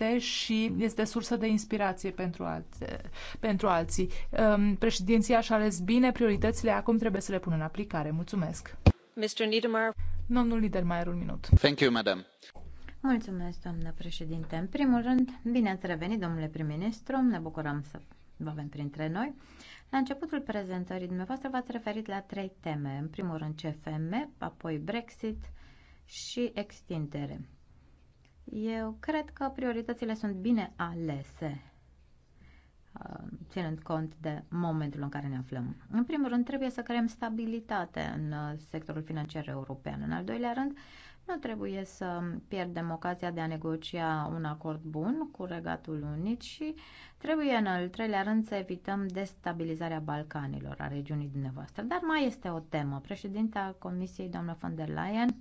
concrete și este sursă de inspirație pentru, alți, pentru alții. Um, președinția și-a ales bine prioritățile, acum trebuie să le pună în aplicare. Mulțumesc! Mr. Niedermayer. Domnul Niedermayer, un minut. Thank you, madam. Mulțumesc, doamnă președinte. În primul rând, bine ați revenit, domnule prim-ministru. Ne bucurăm să vă avem printre noi. La începutul prezentării dumneavoastră v-ați referit la trei teme. În primul rând CFM, apoi Brexit și extindere. Eu cred că prioritățile sunt bine alese, uh, ținând cont de momentul în care ne aflăm. În primul rând, trebuie să creăm stabilitate în uh, sectorul financiar european. În al doilea rând, nu trebuie să pierdem ocazia de a negocia un acord bun cu regatul unit și trebuie în al treilea rând să evităm destabilizarea Balcanilor, a regiunii dumneavoastră. Dar mai este o temă. Președinta Comisiei, doamna von der Leyen,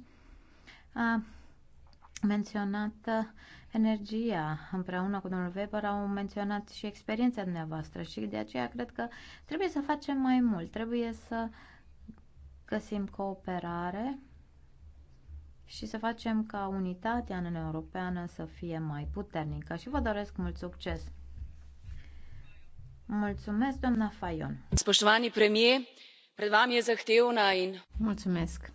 a menționat energia împreună cu domnul Weber, au menționat și experiența dumneavoastră și de aceea cred că trebuie să facem mai mult, trebuie să găsim cooperare și să facem ca unitatea în Uniunea Europeană să fie mai puternică și vă doresc mult succes! Mulțumesc, doamna Fajon! Spoștovani premier, pred vami e zahtevna in... Mulțumesc!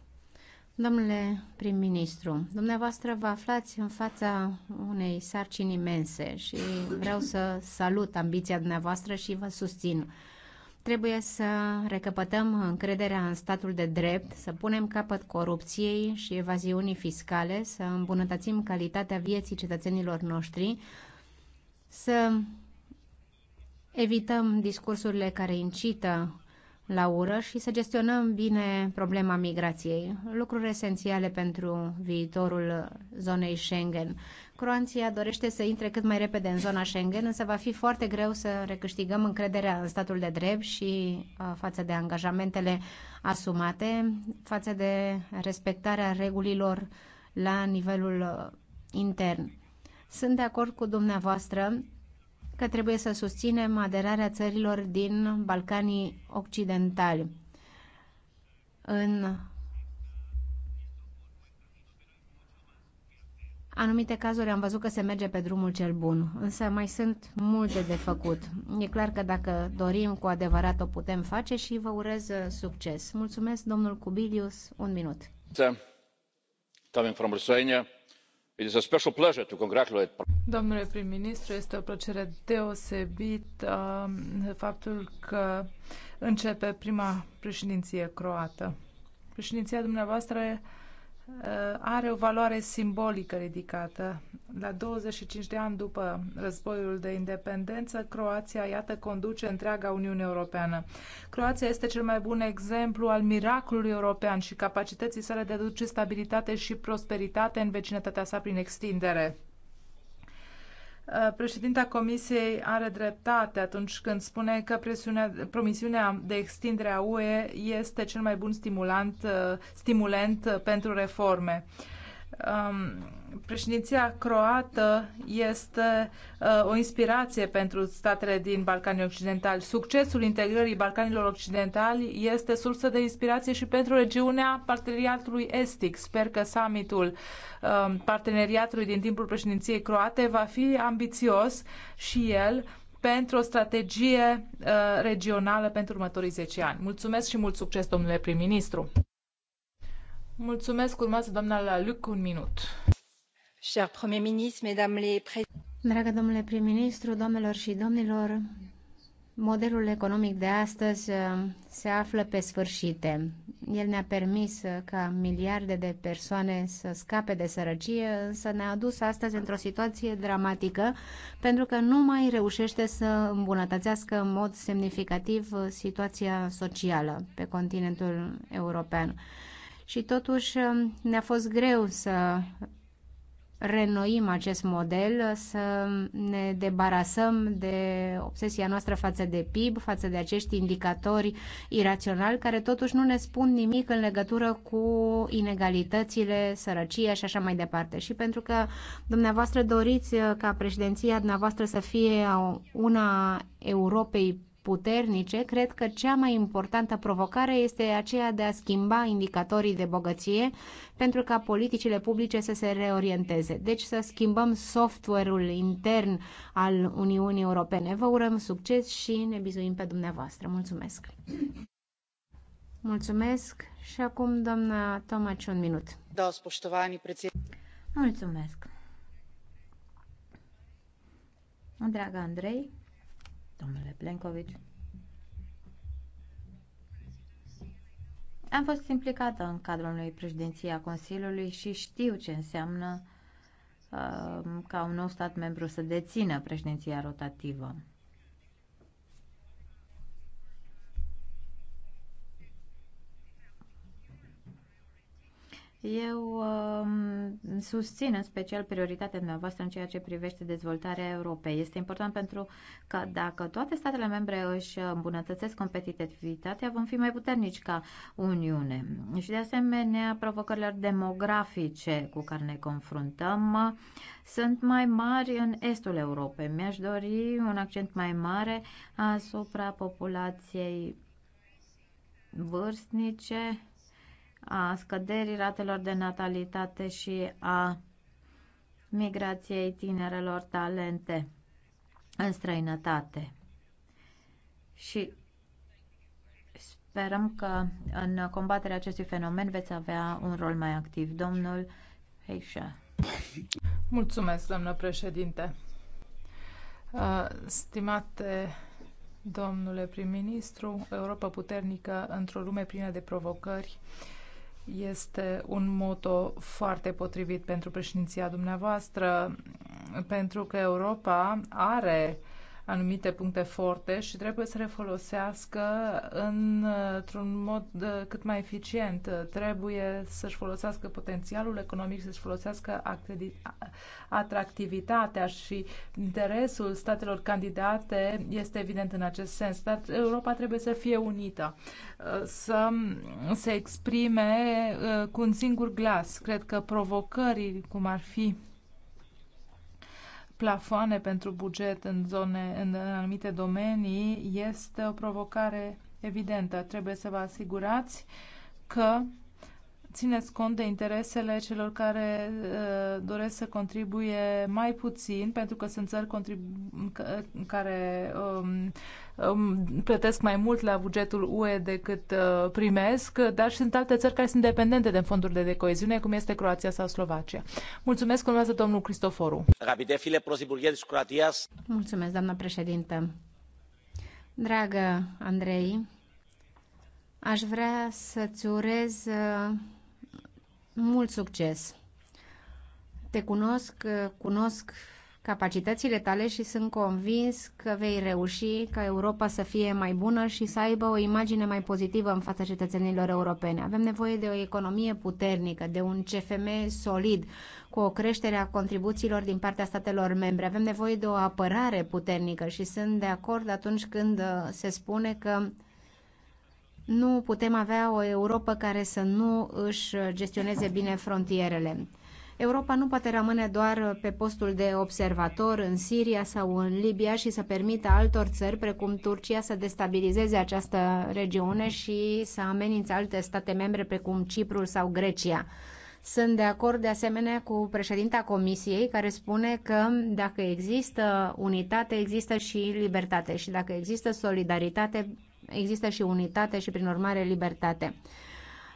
Domnule prim-ministru, dumneavoastră vă aflați în fața unei sarcini imense și vreau să salut ambiția dumneavoastră și vă susțin. Trebuie să recăpătăm încrederea în statul de drept, să punem capăt corupției și evaziunii fiscale, să îmbunătățim calitatea vieții cetățenilor noștri, să evităm discursurile care incită la ură și să gestionăm bine problema migrației, lucruri esențiale pentru viitorul zonei Schengen. Croația dorește să intre cât mai repede în zona Schengen, însă va fi foarte greu să recâștigăm încrederea în statul de drept și uh, față de angajamentele asumate, față de respectarea regulilor la nivelul uh, intern. Sunt de acord cu dumneavoastră că trebuie să susținem aderarea țărilor din Balcanii Occidentali. În anumite cazuri am văzut că se merge pe drumul cel bun, însă mai sunt multe de făcut. E clar că dacă dorim cu adevărat o putem face și vă urez succes. Mulțumesc, domnul Cubilius, un minut. Coming from Lithuania. Domnule prim-ministru, este o plăcere deosebită um, faptul că începe prima președinție croată. Președinția dumneavoastră Uh, are o valoare simbolică ridicată. La 25 de ani după războiul de independență, Croația, iată, conduce întreaga Uniune Europeană. Croația este cel mai bun exemplu al miracolului european și capacității sale de a duce stabilitate și prosperitate în vecinătatea sa prin extindere. Uh, președinta Comisiei are dreptate atunci când spune că promisiunea de extindere a UE este cel mai bun stimulant, uh, uh, pentru reforme. Um, Președinția croată este uh, o inspirație pentru statele din Balcanii Occidentali. Succesul integrării Balcanilor Occidentali este sursă de inspirație și pentru regiunea parteneriatului estic. Sper că summitul uh, parteneriatului din timpul președinției croate va fi ambițios și el pentru o strategie uh, regională pentru următorii 10 ani. Mulțumesc și mult succes, domnule prim-ministru! Mulțumesc, urmează doamna Luc, un minut. Dragă domnule prim-ministru, doamnelor și domnilor, modelul economic de astăzi uh, se află pe sfârșite. El ne-a permis uh, ca miliarde de persoane să scape de sărăcie, însă ne-a adus astăzi într-o situație dramatică pentru că nu mai reușește să îmbunătățească în mod semnificativ uh, situația socială pe continentul european și totuși ne-a fost greu să renoim acest model, să ne debarasăm de obsesia noastră față de PIB, față de acești indicatori iraționali care totuși nu ne spun nimic în legătură cu inegalitățile, sărăcia și așa mai departe. Și pentru că dumneavoastră doriți ca președinția dumneavoastră să fie una Europei puternice, cred că cea mai importantă provocare este aceea de a schimba indicatorii de bogăție pentru ca politicile publice să se reorienteze. Deci să schimbăm software-ul intern al Uniunii Europene. Vă urăm succes și ne bizuim pe dumneavoastră. Mulțumesc! Mulțumesc și acum doamna Tomaci un minut. Da, spoștovani, preție. Mulțumesc. Dragă Andrei, domnule Plenković. Am fost implicată în cadrul unei președinții a Consiliului și știu ce înseamnă uh, ca un nou stat membru să dețină președinția rotativă. Eu um, susțin în special prioritatea dumneavoastră în ceea ce privește dezvoltarea Europei. Este important pentru că dacă toate statele membre își îmbunătățesc competitivitatea, vom fi mai puternici ca Uniune. Și de asemenea, provocările demografice cu care ne confruntăm sunt mai mari în estul Europei. Mi-aș dori un accent mai mare asupra populației vârstnice a scăderii ratelor de natalitate și a migrației tinerelor talente în străinătate. Și sperăm că în combaterea acestui fenomen veți avea un rol mai activ. Domnul Heisha. Mulțumesc, doamnă președinte. Uh, stimate domnule prim-ministru, Europa puternică într-o lume plină de provocări este un moto foarte potrivit pentru președinția dumneavoastră, pentru că Europa are uh, anumite puncte forte și trebuie să le folosească într-un mod uh, cât mai eficient. Trebuie să-și folosească potențialul economic, să-și folosească atractivitatea și interesul statelor candidate este evident în acest sens. Dar Europa trebuie să fie unită, uh, să se exprime uh, cu un singur glas. Cred că provocării, cum ar fi plafoane pentru buget în, zone, în anumite domenii este o provocare evidentă. Trebuie să vă asigurați că țineți cont de interesele celor care uh, doresc să contribuie mai puțin, pentru că sunt țări care um, um, plătesc mai mult la bugetul UE decât uh, primesc, dar sunt alte țări care sunt dependente de fondurile de coeziune, cum este Croația sau Slovacia. Mulțumesc, urmează domnul Cristoforu. Mulțumesc, doamna președintă. Dragă Andrei, aș vrea să-ți urez uh, mult succes! Te cunosc, cunosc capacitățile tale și sunt convins că vei reuși ca Europa să fie mai bună și să aibă o imagine mai pozitivă în fața cetățenilor europene. Avem nevoie de o economie puternică, de un CFM solid, cu o creștere a contribuțiilor din partea statelor membre. Avem nevoie de o apărare puternică și sunt de acord atunci când se spune că nu putem avea o Europa care să nu își gestioneze bine frontierele. Europa nu poate rămâne doar pe postul de observator în Siria sau în Libia și să permită altor țări, precum Turcia, să destabilizeze această regiune și să amenințe alte state membre, precum Ciprul sau Grecia. Sunt de acord de asemenea cu președinta Comisiei care spune că dacă există unitate, există și libertate și dacă există solidaritate, există și unitate și, prin urmare, libertate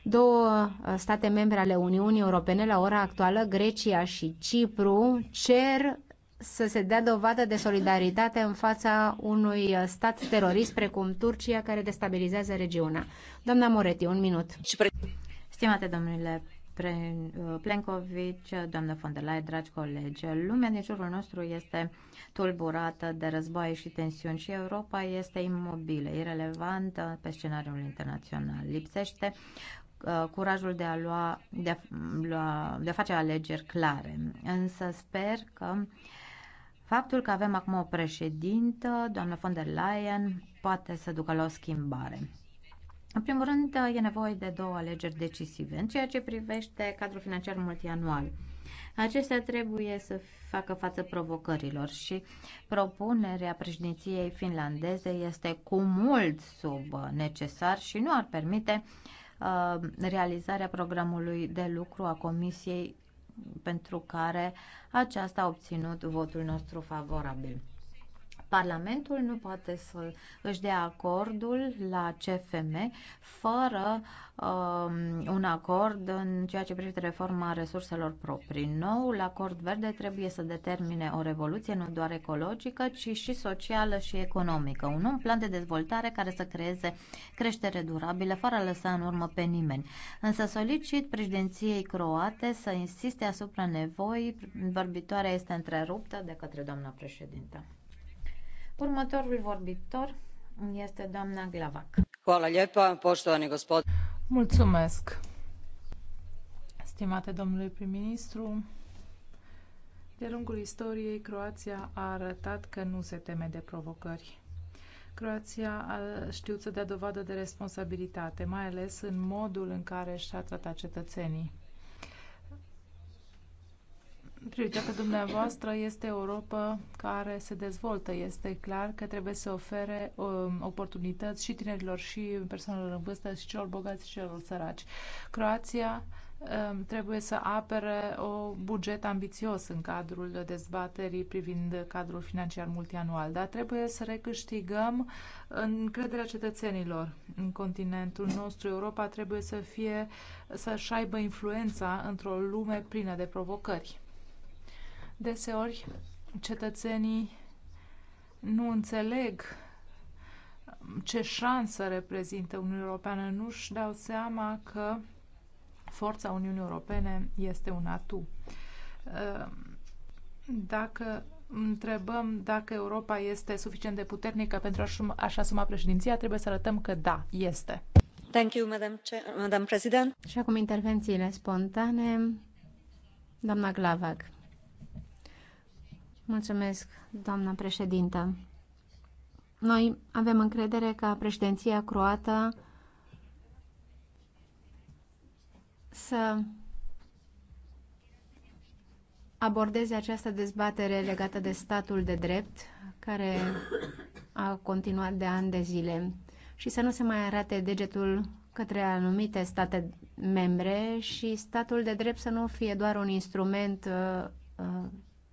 două uh, state membre ale Uniunii Europene la ora actuală, Grecia și Cipru, cer să se dea dovadă de solidaritate în fața unui uh, stat terorist precum Turcia, care destabilizează regiunea. Doamna Moretti, un minut. Stimate domnule Uh, Plenkovic, doamnă von der Leyen, dragi colegi, lumea din jurul nostru este tulburată de războaie și tensiuni și Europa este imobilă, irelevantă pe scenariul internațional. Lipsește uh, curajul de a, lua, de, a, lua, de a face alegeri clare. Însă sper că faptul că avem acum o președintă, doamnă von der Leyen, poate să ducă la o schimbare. În primul rând, e nevoie de două alegeri decisive în ceea ce privește cadrul financiar multianual. Acestea trebuie să facă față provocărilor și propunerea președinției finlandeze este cu mult sub necesar și nu ar permite uh, realizarea programului de lucru a Comisiei pentru care aceasta a obținut votul nostru favorabil. Parlamentul nu poate să își dea acordul la CFM fără um, un acord în ceea ce privește reforma resurselor proprii. Noul acord verde trebuie să determine o revoluție nu doar ecologică, ci și socială și economică. Un nou plan de dezvoltare care să creeze creștere durabilă, fără a lăsa în urmă pe nimeni. Însă solicit președinției croate să insiste asupra nevoii. Vorbitoarea este întreruptă de către doamna președintă. Următorul vorbitor este doamna Glavac. Hvala lijepa, poštovani gospod. Mulțumesc. Stimate domnule prim-ministru, de lungul istoriei, Croația a arătat că nu se teme de provocări. Croația a știut să dea dovadă de responsabilitate, mai ales în modul în care și-a tratat cetățenii. Prioritatea dumneavoastră este Europa care se dezvoltă. Este clar că trebuie să ofere um, oportunități și tinerilor și persoanelor în vârstă și celor bogați și celor săraci. Croația um, trebuie să apere o buget ambițios în cadrul dezbaterii privind cadrul financiar multianual, dar trebuie să recâștigăm încrederea cetățenilor în continentul nostru. Europa trebuie să fie să-și aibă influența într-o lume plină de provocări Deseori, cetățenii nu înțeleg ce șansă reprezintă Uniunea Europeană, nu își dau seama că forța Uniunii Europene este un atu. Ehm, dacă întrebăm dacă Europa este suficient de puternică pentru a-și asuma președinția, trebuie să arătăm că da, este. Thank you, Madam, Madam President. Și acum intervențiile spontane. Doamna Glavac. Mulțumesc, doamna președintă. Noi avem încredere că președinția croată să abordeze această dezbatere legată de statul de drept, care a continuat de ani de zile, și să nu se mai arate degetul către anumite state membre și statul de drept să nu fie doar un instrument uh, uh,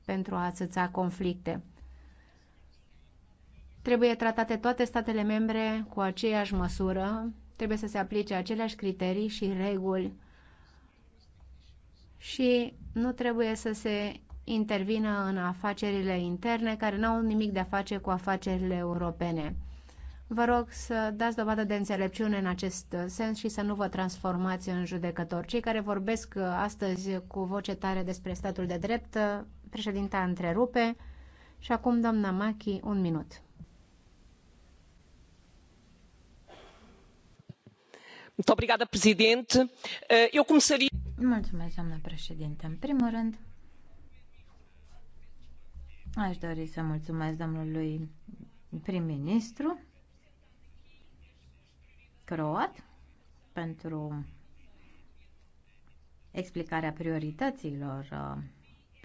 pentru a atâța conflicte. Trebuie tratate toate statele membre cu aceeași măsură, trebuie să se aplice aceleași criterii și reguli și nu trebuie să se intervină în afacerile interne care n-au nimic de a face cu afacerile europene. Vă rog să dați dovadă de înțelepciune în acest sens și să nu vă transformați în judecători. Cei care vorbesc astăzi cu voce tare despre statul de drept Președinta întrerupe și acum doamna Machi, un minut. Eh, mulțumesc, doamna președinte. În primul rând, aș dori să mulțumesc domnului prim-ministru croat pentru explicarea priorităților uh,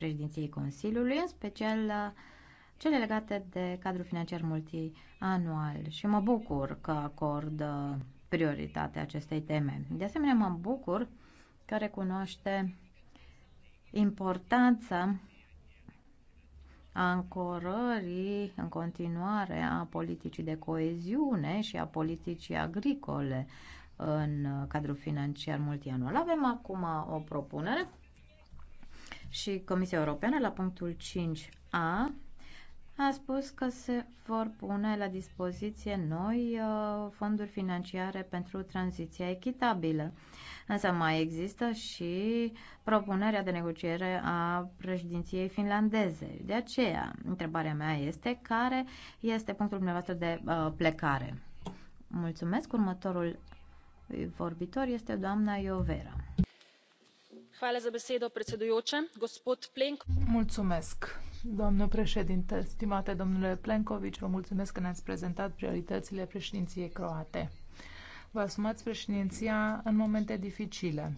președinției Consiliului, în special uh, cele legate de cadrul financiar multianual și mă bucur că acordă prioritate acestei teme. De asemenea, mă bucur că recunoaște importanța ancorării în continuare a politicii de coeziune și a politicii agricole în uh, cadrul financiar multianual. Avem acum o propunere și Comisia Europeană la punctul 5a a spus că se vor pune la dispoziție noi uh, fonduri financiare pentru tranziția echitabilă. Însă mai există și propunerea de negociere a președinției finlandeze. De aceea, întrebarea mea este care este punctul dumneavoastră de uh, plecare. Mulțumesc. Următorul vorbitor este doamna Iovera. Mulțumesc, doamnă președintă stimate domnule plenkovi vă mulțumesc că ne ați prezentat prioritățile președinției croate. vă asumați președinția în momente dificile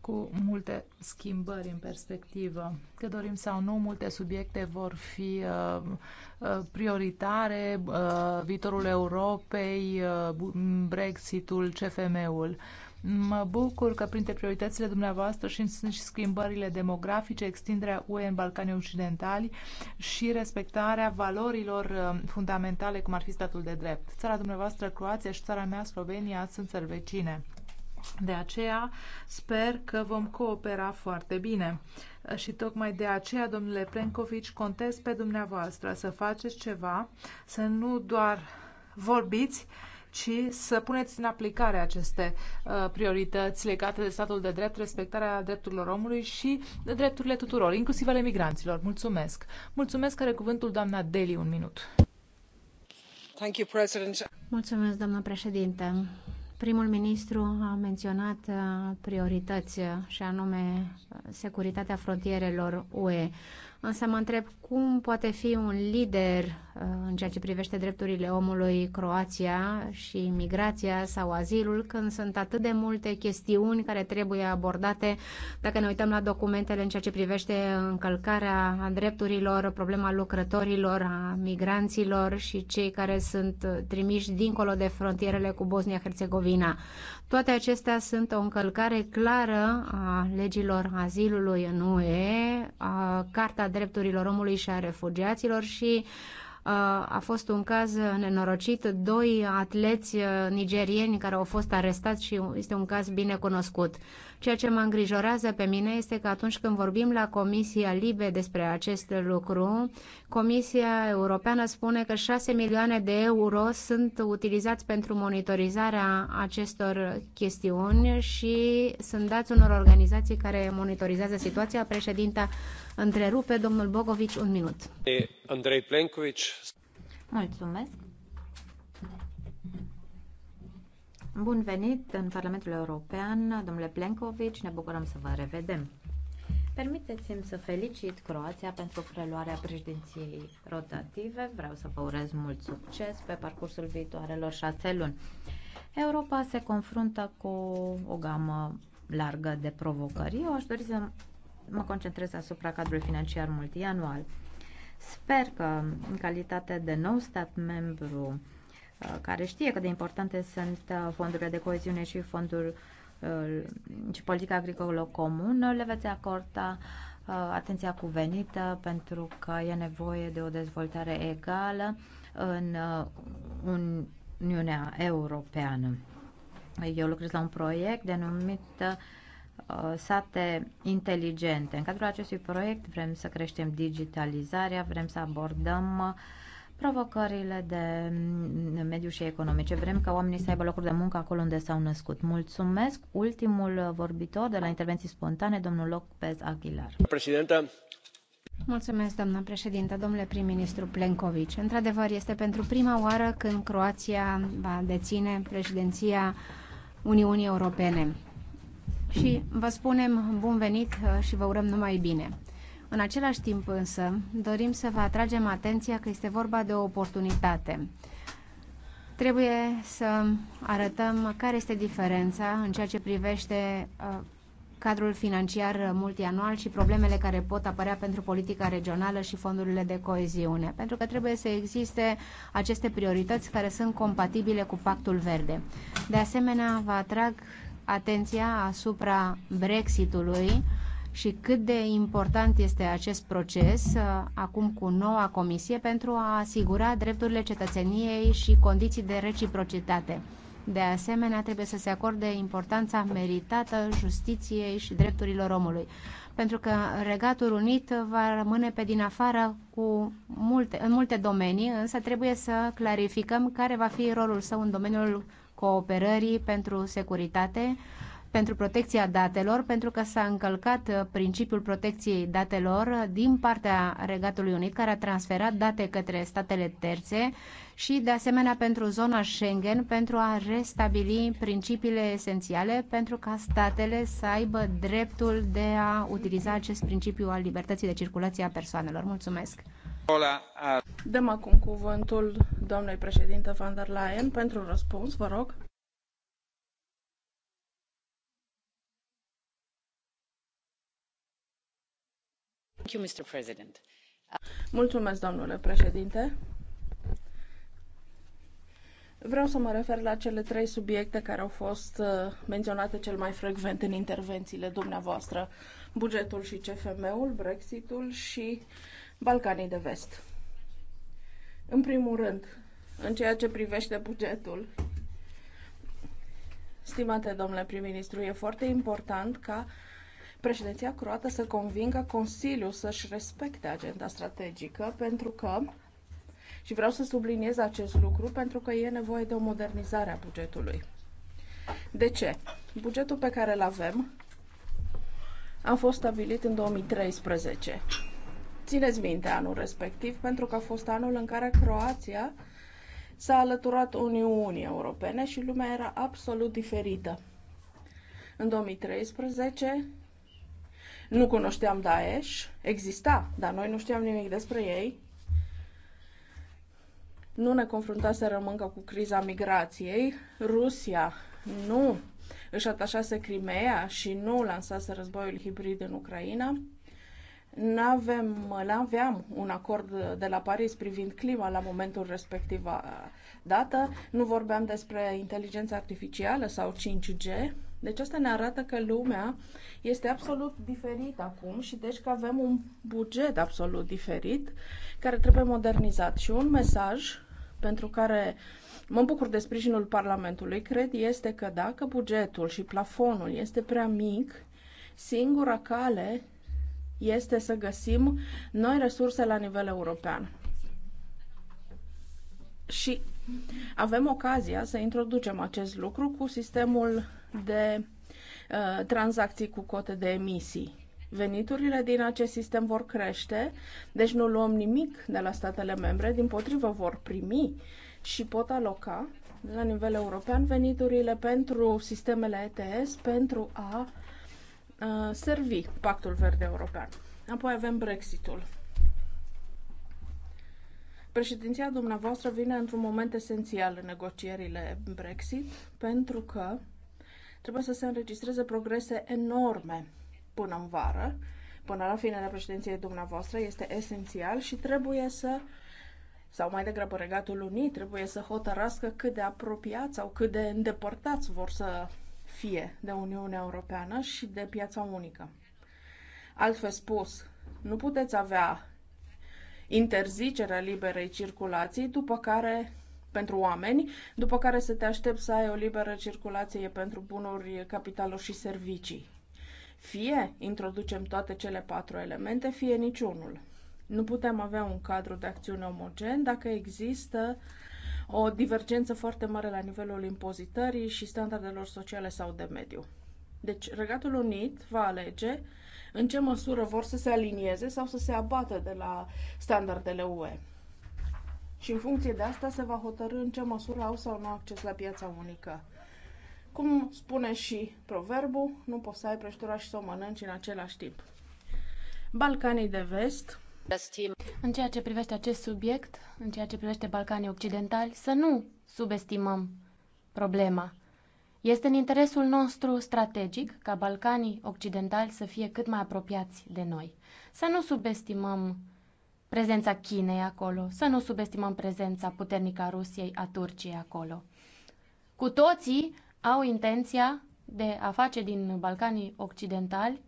cu multe schimbări în perspectivă. Că dorim sau nu, multe subiecte vor fi uh, uh prioritare, uh, viitorul Europei, uh, Brexitul, CFM-ul. Uh, Mă bucur că printre prioritățile dumneavoastră și sunt și schimbările demografice, extinderea UE în Balcanii Occidentali și respectarea valorilor uh, fundamentale, cum ar fi statul de drept. Țara dumneavoastră, Croația și țara mea, Slovenia, sunt țări vecine. De aceea sper că vom coopera foarte bine. Și tocmai de aceea, domnule Plencovici, contez pe dumneavoastră să faceți ceva, să nu doar vorbiți, ci să puneți în aplicare aceste uh, priorități legate de statul de drept, respectarea drepturilor omului și de drepturile tuturor, inclusiv ale migranților. Mulțumesc! Mulțumesc, care cuvântul doamna Deli, un minut. Thank you, President. Mulțumesc, doamna președinte. Primul ministru a menționat uh, priorități uh, și anume uh, securitatea frontierelor UE. Însă mă întreb cum poate fi un lider Uh, în ceea ce privește drepturile omului, Croația și migrația sau azilul, când sunt atât de multe chestiuni care trebuie abordate. Dacă ne uităm la documentele în ceea ce privește încălcarea drepturilor, problema lucrătorilor, a migranților și cei care sunt trimiși dincolo de frontierele cu Bosnia-Herzegovina. Toate acestea sunt o încălcare clară a legilor azilului în UE, a Carta Drepturilor Omului și a Refugiaților și uh, a fost un caz nenorocit, doi atleți eh, nigerieni care au fost arestați și este un caz bine cunoscut. Ceea ce mă îngrijorează pe mine este că atunci când vorbim la Comisia Libe despre acest lucru, Comisia Europeană spune că 6 milioane de euro sunt utilizați pentru monitorizarea acestor chestiuni și sunt dați unor organizații care monitorizează situația. Președinta întrerupe. Domnul Bogovici, un minut. Andrei Plenković. Mulțumesc. Bun venit în Parlamentul European, domnule Plenković, ne bucurăm să vă revedem. Permiteți-mi să felicit Croația pentru preluarea președinției rotative. Vreau să vă urez mult succes pe parcursul viitoarelor șase luni. Europa se confruntă cu o gamă largă de provocări. Eu aș dori să mă concentrez asupra cadrului financiar multianual. Sper că, în calitate de nou stat membru Uh, care știe cât de importante sunt uh, fondurile de coeziune și fondul uh, și politica agricolă comună, le veți acorda atenția cuvenită pentru că e nevoie de o dezvoltare egală în Uniunea Europeană. Eu lucrez la un proiect denumit sate inteligente. În cadrul acestui proiect vrem să creștem digitalizarea, vrem să abordăm uh, provocările de mediu și economice. Vrem ca oamenii să aibă locuri de muncă acolo unde s-au născut. Mulțumesc. Ultimul vorbitor de la intervenții spontane, domnul Lopez Aguilar. Președinte, Mulțumesc, doamna președintă, domnule prim-ministru Plenković. Într-adevăr, este pentru prima oară când Croația va deține președinția Uniunii Europene. Și vă spunem bun venit și vă urăm numai bine. În același timp însă, dorim să vă atragem atenția că este vorba de o oportunitate. Trebuie să arătăm care este diferența în ceea ce privește uh, cadrul financiar multianual și problemele care pot apărea pentru politica regională și fondurile de coeziune, pentru că trebuie să existe aceste priorități care sunt compatibile cu pactul verde. De asemenea, vă atrag atenția asupra Brexitului, și cât de important este acest proces uh, acum cu noua comisie pentru a asigura drepturile cetățeniei și condiții de reciprocitate. De asemenea, trebuie să se acorde importanța meritată justiției și drepturilor omului, pentru că Regatul Unit va rămâne pe din afară cu multe, în multe domenii, însă trebuie să clarificăm care va fi rolul său în domeniul cooperării pentru securitate, pentru protecția datelor, pentru că s-a încălcat uh, principiul protecției datelor din partea Regatului Unit, care a transferat date către statele terțe și, de asemenea, pentru zona Schengen, pentru a restabili principiile esențiale, pentru ca statele să aibă dreptul de a utiliza acest principiu al libertății de circulație a persoanelor. Mulțumesc! Dăm acum cuvântul doamnei președinte van der Leyen pentru răspuns, vă rog. Mulțumesc, domnule președinte. Vreau să mă refer la cele trei subiecte care au fost uh, menționate cel mai frecvent în intervențiile dumneavoastră. Bugetul și CFM-ul, Brexitul și Balcanii de Vest. În primul rând, în ceea ce privește bugetul, stimate domnule prim-ministru, e foarte important ca președinția croată să convingă Consiliul să-și respecte agenda strategică pentru că și vreau să subliniez acest lucru pentru că e nevoie de o modernizare a bugetului. De ce? Bugetul pe care îl avem a fost stabilit în 2013. Țineți minte anul respectiv pentru că a fost anul în care Croația s-a alăturat Uniunii Europene și lumea era absolut diferită. În 2013 nu cunoșteam Daesh, exista, dar noi nu știam nimic despre ei. Nu ne confruntase rămâncă cu criza migrației. Rusia nu își atașase Crimea și nu lansase războiul hibrid în Ucraina. N-avem, aveam un acord de la Paris privind clima la momentul respectiv dată. Nu vorbeam despre inteligența artificială sau 5G. Deci asta ne arată că lumea este absolut diferită acum și deci că avem un buget absolut diferit care trebuie modernizat. Și un mesaj pentru care mă bucur de sprijinul Parlamentului, cred, este că dacă bugetul și plafonul este prea mic, singura cale este să găsim noi resurse la nivel european. Și avem ocazia să introducem acest lucru cu sistemul de uh, tranzacții cu cote de emisii. Veniturile din acest sistem vor crește, deci nu luăm nimic de la statele membre, din potrivă vor primi și pot aloca la nivel european veniturile pentru sistemele ETS pentru a uh, servi Pactul Verde European. Apoi avem Brexitul. Președinția dumneavoastră vine într-un moment esențial în negocierile Brexit pentru că Trebuie să se înregistreze progrese enorme până în vară, până la finele președinției dumneavoastră, este esențial și trebuie să sau mai degrabă Regatul Unit trebuie să hotărască cât de apropiați sau cât de îndepărtați vor să fie de Uniunea Europeană și de piața unică. Altfel spus, nu puteți avea interzicerea liberei circulații, după care pentru oameni, după care să te aștepți să ai o liberă circulație pentru bunuri, capitaluri și servicii. Fie introducem toate cele patru elemente, fie niciunul. Nu putem avea un cadru de acțiune omogen dacă există o divergență foarte mare la nivelul impozitării și standardelor sociale sau de mediu. Deci, Regatul Unit va alege în ce măsură vor să se alinieze sau să se abată de la standardele UE și în funcție de asta se va hotărâ în ce măsură au sau nu acces la piața unică. Cum spune și proverbul, nu poți să ai prăjitura și să o mănânci în același timp. Balcanii de vest. În ceea ce privește acest subiect, în ceea ce privește Balcanii Occidentali, să nu subestimăm problema. Este în interesul nostru strategic ca Balcanii Occidentali să fie cât mai apropiați de noi. Să nu subestimăm prezența Chinei acolo, să nu subestimăm prezența puternică a Rusiei, a Turciei acolo. Cu toții au intenția de a face din Balcanii Occidentali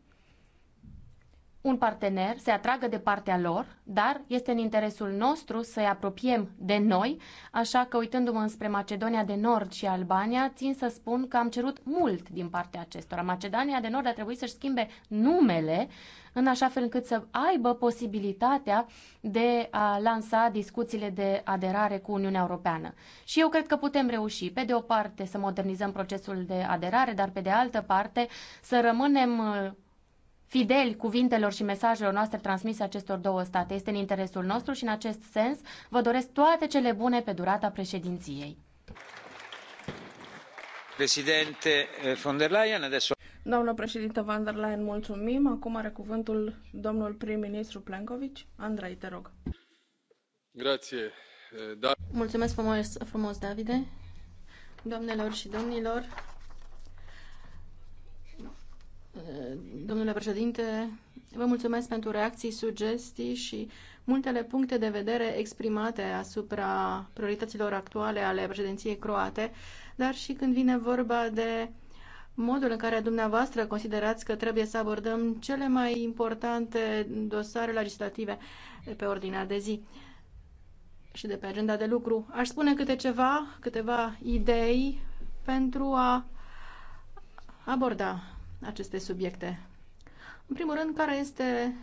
un partener, se atragă de partea lor, dar este în interesul nostru să-i apropiem de noi, așa că uitându-mă înspre Macedonia de Nord și Albania, țin să spun că am cerut mult din partea acestora. Macedonia de Nord a trebuit să-și schimbe numele în așa fel încât să aibă posibilitatea de a lansa discuțiile de aderare cu Uniunea Europeană. Și eu cred că putem reuși, pe de o parte, să modernizăm procesul de aderare, dar pe de altă parte să rămânem fideli cuvintelor și mesajelor noastre transmise acestor două state. Este în interesul nostru și în acest sens vă doresc toate cele bune pe durata președinției. Președinte eh, von der Leyen, adesso... Doamnă președintă von der Leyen, mulțumim. Acum are cuvântul domnul prim-ministru Plenković. Andrei, te rog. Grație. Eh, da... Mulțumesc frumos, frumos, Davide. Doamnelor și domnilor, Domnule președinte, vă mulțumesc pentru reacții, sugestii și multele puncte de vedere exprimate asupra priorităților actuale ale președinției croate, dar și când vine vorba de modul în care dumneavoastră considerați că trebuie să abordăm cele mai importante dosare legislative pe ordinea de zi și de pe agenda de lucru. Aș spune câte ceva, câteva idei pentru a aborda aceste subiecte. În primul rând, care este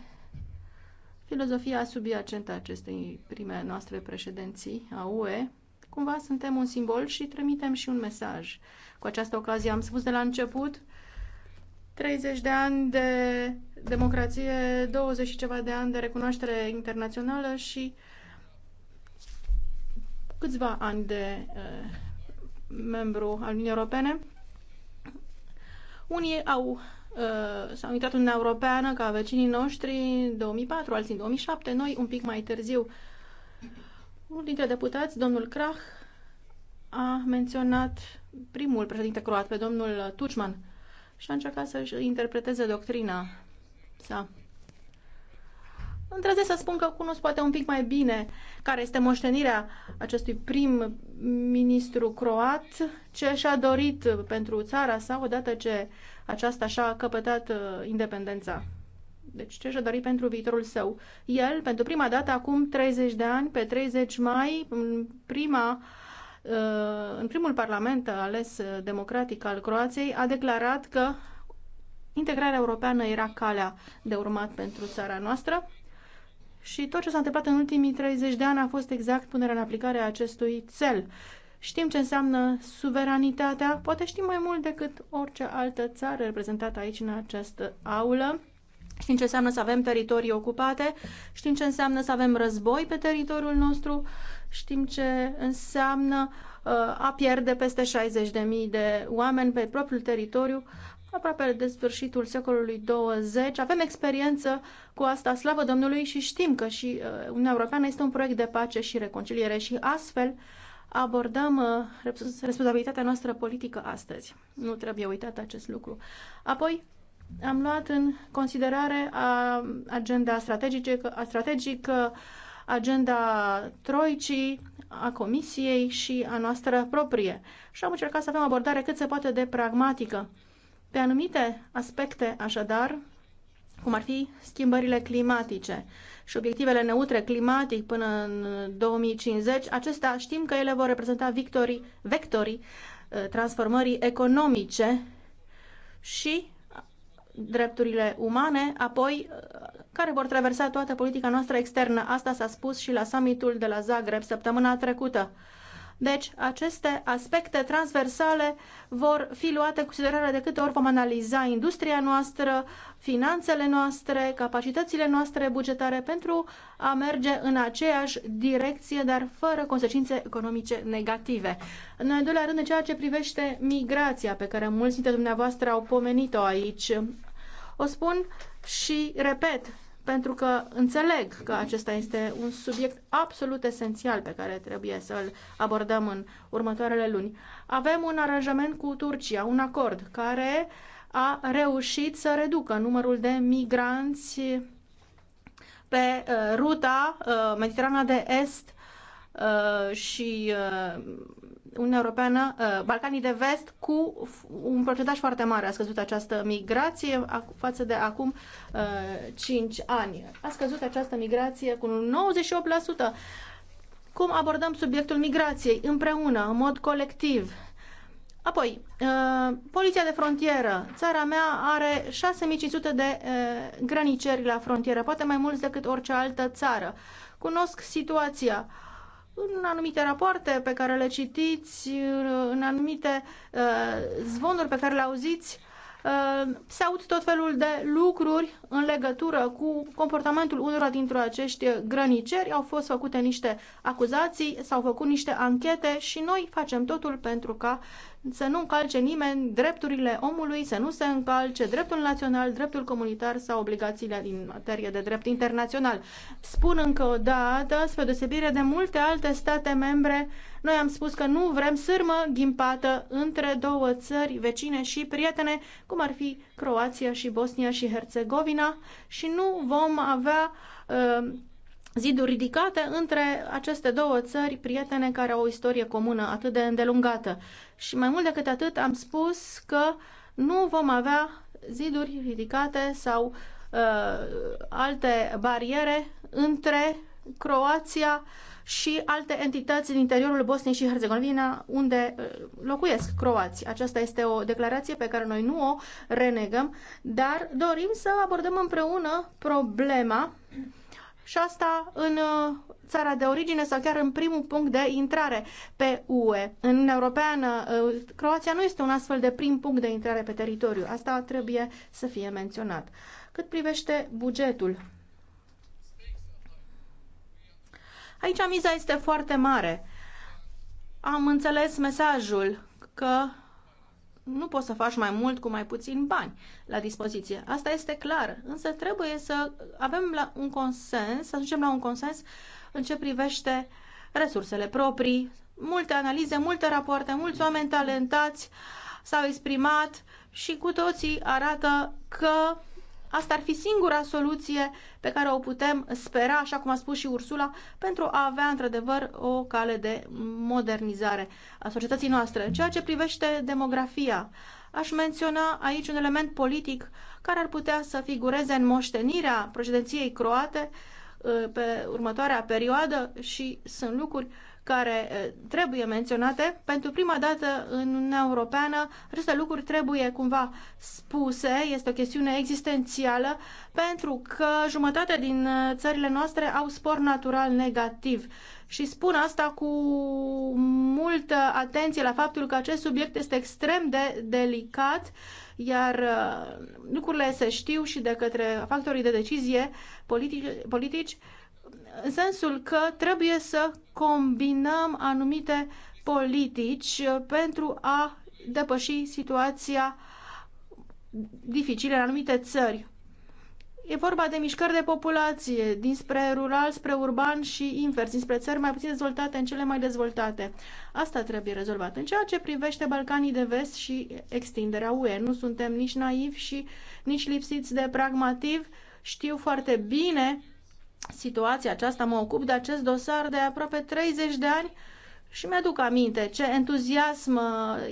filozofia subiacentă a acestei prime noastre președinții a UE? Cumva suntem un simbol și trimitem și un mesaj. Cu această ocazie am spus de la început 30 de ani de democrație, 20 și ceva de ani de recunoaștere internațională și câțiva ani de uh, membru al Uniunii Europene unii au uh, s-au intrat în Uniunea Europeană ca vecinii noștri în 2004, alții în 2007, noi un pic mai târziu. Unul dintre deputați, domnul Krah, a menționat primul președinte croat, pe domnul Tucman, și a încercat să-și interpreteze doctrina sa. Îmi să spun că cunosc poate un pic mai bine care este moștenirea acestui prim ministru croat, ce și-a dorit pentru țara sa odată ce aceasta și-a căpătat uh, independența. Deci ce și-a dorit pentru viitorul său. El, pentru prima dată, acum 30 de ani, pe 30 mai, în prima uh, în primul parlament ales democratic al Croației, a declarat că integrarea europeană era calea de urmat pentru țara noastră și tot ce s-a întâmplat în ultimii 30 de ani a fost exact punerea în aplicare a acestui cel. Știm ce înseamnă suveranitatea, poate știm mai mult decât orice altă țară reprezentată aici în această aulă. Știm ce înseamnă să avem teritorii ocupate, știm ce înseamnă să avem război pe teritoriul nostru, știm ce înseamnă uh, a pierde peste 60.000 de oameni pe propriul teritoriu. Uh, aproape de sfârșitul secolului 20. Avem experiență cu asta, slavă Domnului, și știm că și uh, Uniunea Europeană este un proiect de pace și reconciliere și astfel abordăm uh, responsabilitatea noastră politică astăzi. Nu trebuie uitat acest lucru. Apoi, am luat în considerare a agenda strategică, a strategică agenda troicii, a comisiei și a noastră proprie. Și am încercat să avem abordare cât se poate de pragmatică pe anumite aspecte, așadar, cum ar fi schimbările climatice și obiectivele neutre climatic până în 2050, acestea știm că ele vor reprezenta victorii, vectorii uh, transformării economice și drepturile umane, apoi uh, care vor traversa toată politica noastră externă. Asta s-a spus și la summitul de la Zagreb săptămâna trecută. Deci, aceste aspecte transversale vor fi luate în considerare de câte ori vom analiza industria noastră, finanțele noastre, capacitățile noastre bugetare pentru a merge în aceeași direcție, dar fără consecințe economice negative. În al doilea rând, în ceea ce privește migrația, pe care mulți dintre dumneavoastră au pomenit-o aici, o spun și repet, pentru că înțeleg că acesta este un subiect absolut esențial pe care trebuie să-l abordăm în următoarele luni. Avem un aranjament cu Turcia, un acord care a reușit să reducă numărul de migranți pe uh, ruta uh, Mediterana de Est uh, și Uniunea Europeană, uh, Balcanii de Vest, cu un procentaj foarte mare a scăzut această migrație față de acum 5 uh, ani. A scăzut această migrație cu 98%. Cum abordăm subiectul migrației împreună, în mod colectiv? Apoi, uh, Poliția de Frontieră. Țara mea are 6500 de graniceri la frontieră, poate mai mulți decât orice altă țară. Cunosc situația în anumite rapoarte pe care le citiți, în anumite uh, zvonuri pe care le auziți, uh, se aud tot felul de lucruri în legătură cu comportamentul unora dintre acești grăniceri. Au fost făcute niște acuzații, s-au făcut niște anchete și noi facem totul pentru ca să nu încalce nimeni drepturile omului, să nu se încalce dreptul național, dreptul comunitar sau obligațiile din materie de drept internațional. Spun încă o dată, spre deosebire de multe alte state membre, noi am spus că nu vrem sârmă ghimpată între două țări vecine și prietene, cum ar fi Croația și Bosnia și Herțegovina, și nu vom avea uh, ziduri ridicate între aceste două țări prietene care au o istorie comună atât de îndelungată. Și mai mult decât atât am spus că nu vom avea ziduri ridicate sau uh, alte bariere între Croația și alte entități din interiorul Bosniei și Herzegovina unde uh, locuiesc croații. Aceasta este o declarație pe care noi nu o renegăm, dar dorim să abordăm împreună problema și asta în uh, țara de origine sau chiar în primul punct de intrare pe UE. În Uniunea Europeană, uh, Croația nu este un astfel de prim punct de intrare pe teritoriu. Asta trebuie să fie menționat. Cât privește bugetul, aici miza este foarte mare. Am înțeles mesajul că nu poți să faci mai mult cu mai puțin bani la dispoziție. Asta este clar, însă trebuie să avem la un consens, să ajungem la un consens în ce privește resursele proprii. Multe analize, multe rapoarte, mulți oameni talentați s-au exprimat și cu toții arată că Asta ar fi singura soluție pe care o putem spera, așa cum a spus și Ursula, pentru a avea într-adevăr o cale de modernizare a societății noastre. În ceea ce privește demografia, aș menționa aici un element politic care ar putea să figureze în moștenirea președinției croate uh, pe următoarea perioadă și sunt lucruri uh, care trebuie menționate. Pentru prima dată în Uniunea Europeană aceste lucruri trebuie cumva spuse, este o chestiune existențială, pentru că jumătate din țările noastre au spor natural negativ. Și spun asta cu multă atenție la faptul că acest subiect este extrem de delicat iar lucrurile se știu și de către factorii de decizie politici, politici în sensul că trebuie să combinăm anumite politici uh, pentru a depăși situația dificilă în anumite țări. E vorba de mișcări de populație, dinspre rural, spre urban și invers, dinspre țări mai puțin dezvoltate în cele mai dezvoltate. Asta trebuie rezolvat. În ceea ce privește Balcanii de vest și extinderea UE, nu suntem nici naivi și nici lipsiți de pragmativ. Știu foarte bine situația aceasta, mă ocup de acest dosar de aproape 30 de ani și mi-aduc aminte ce entuziasm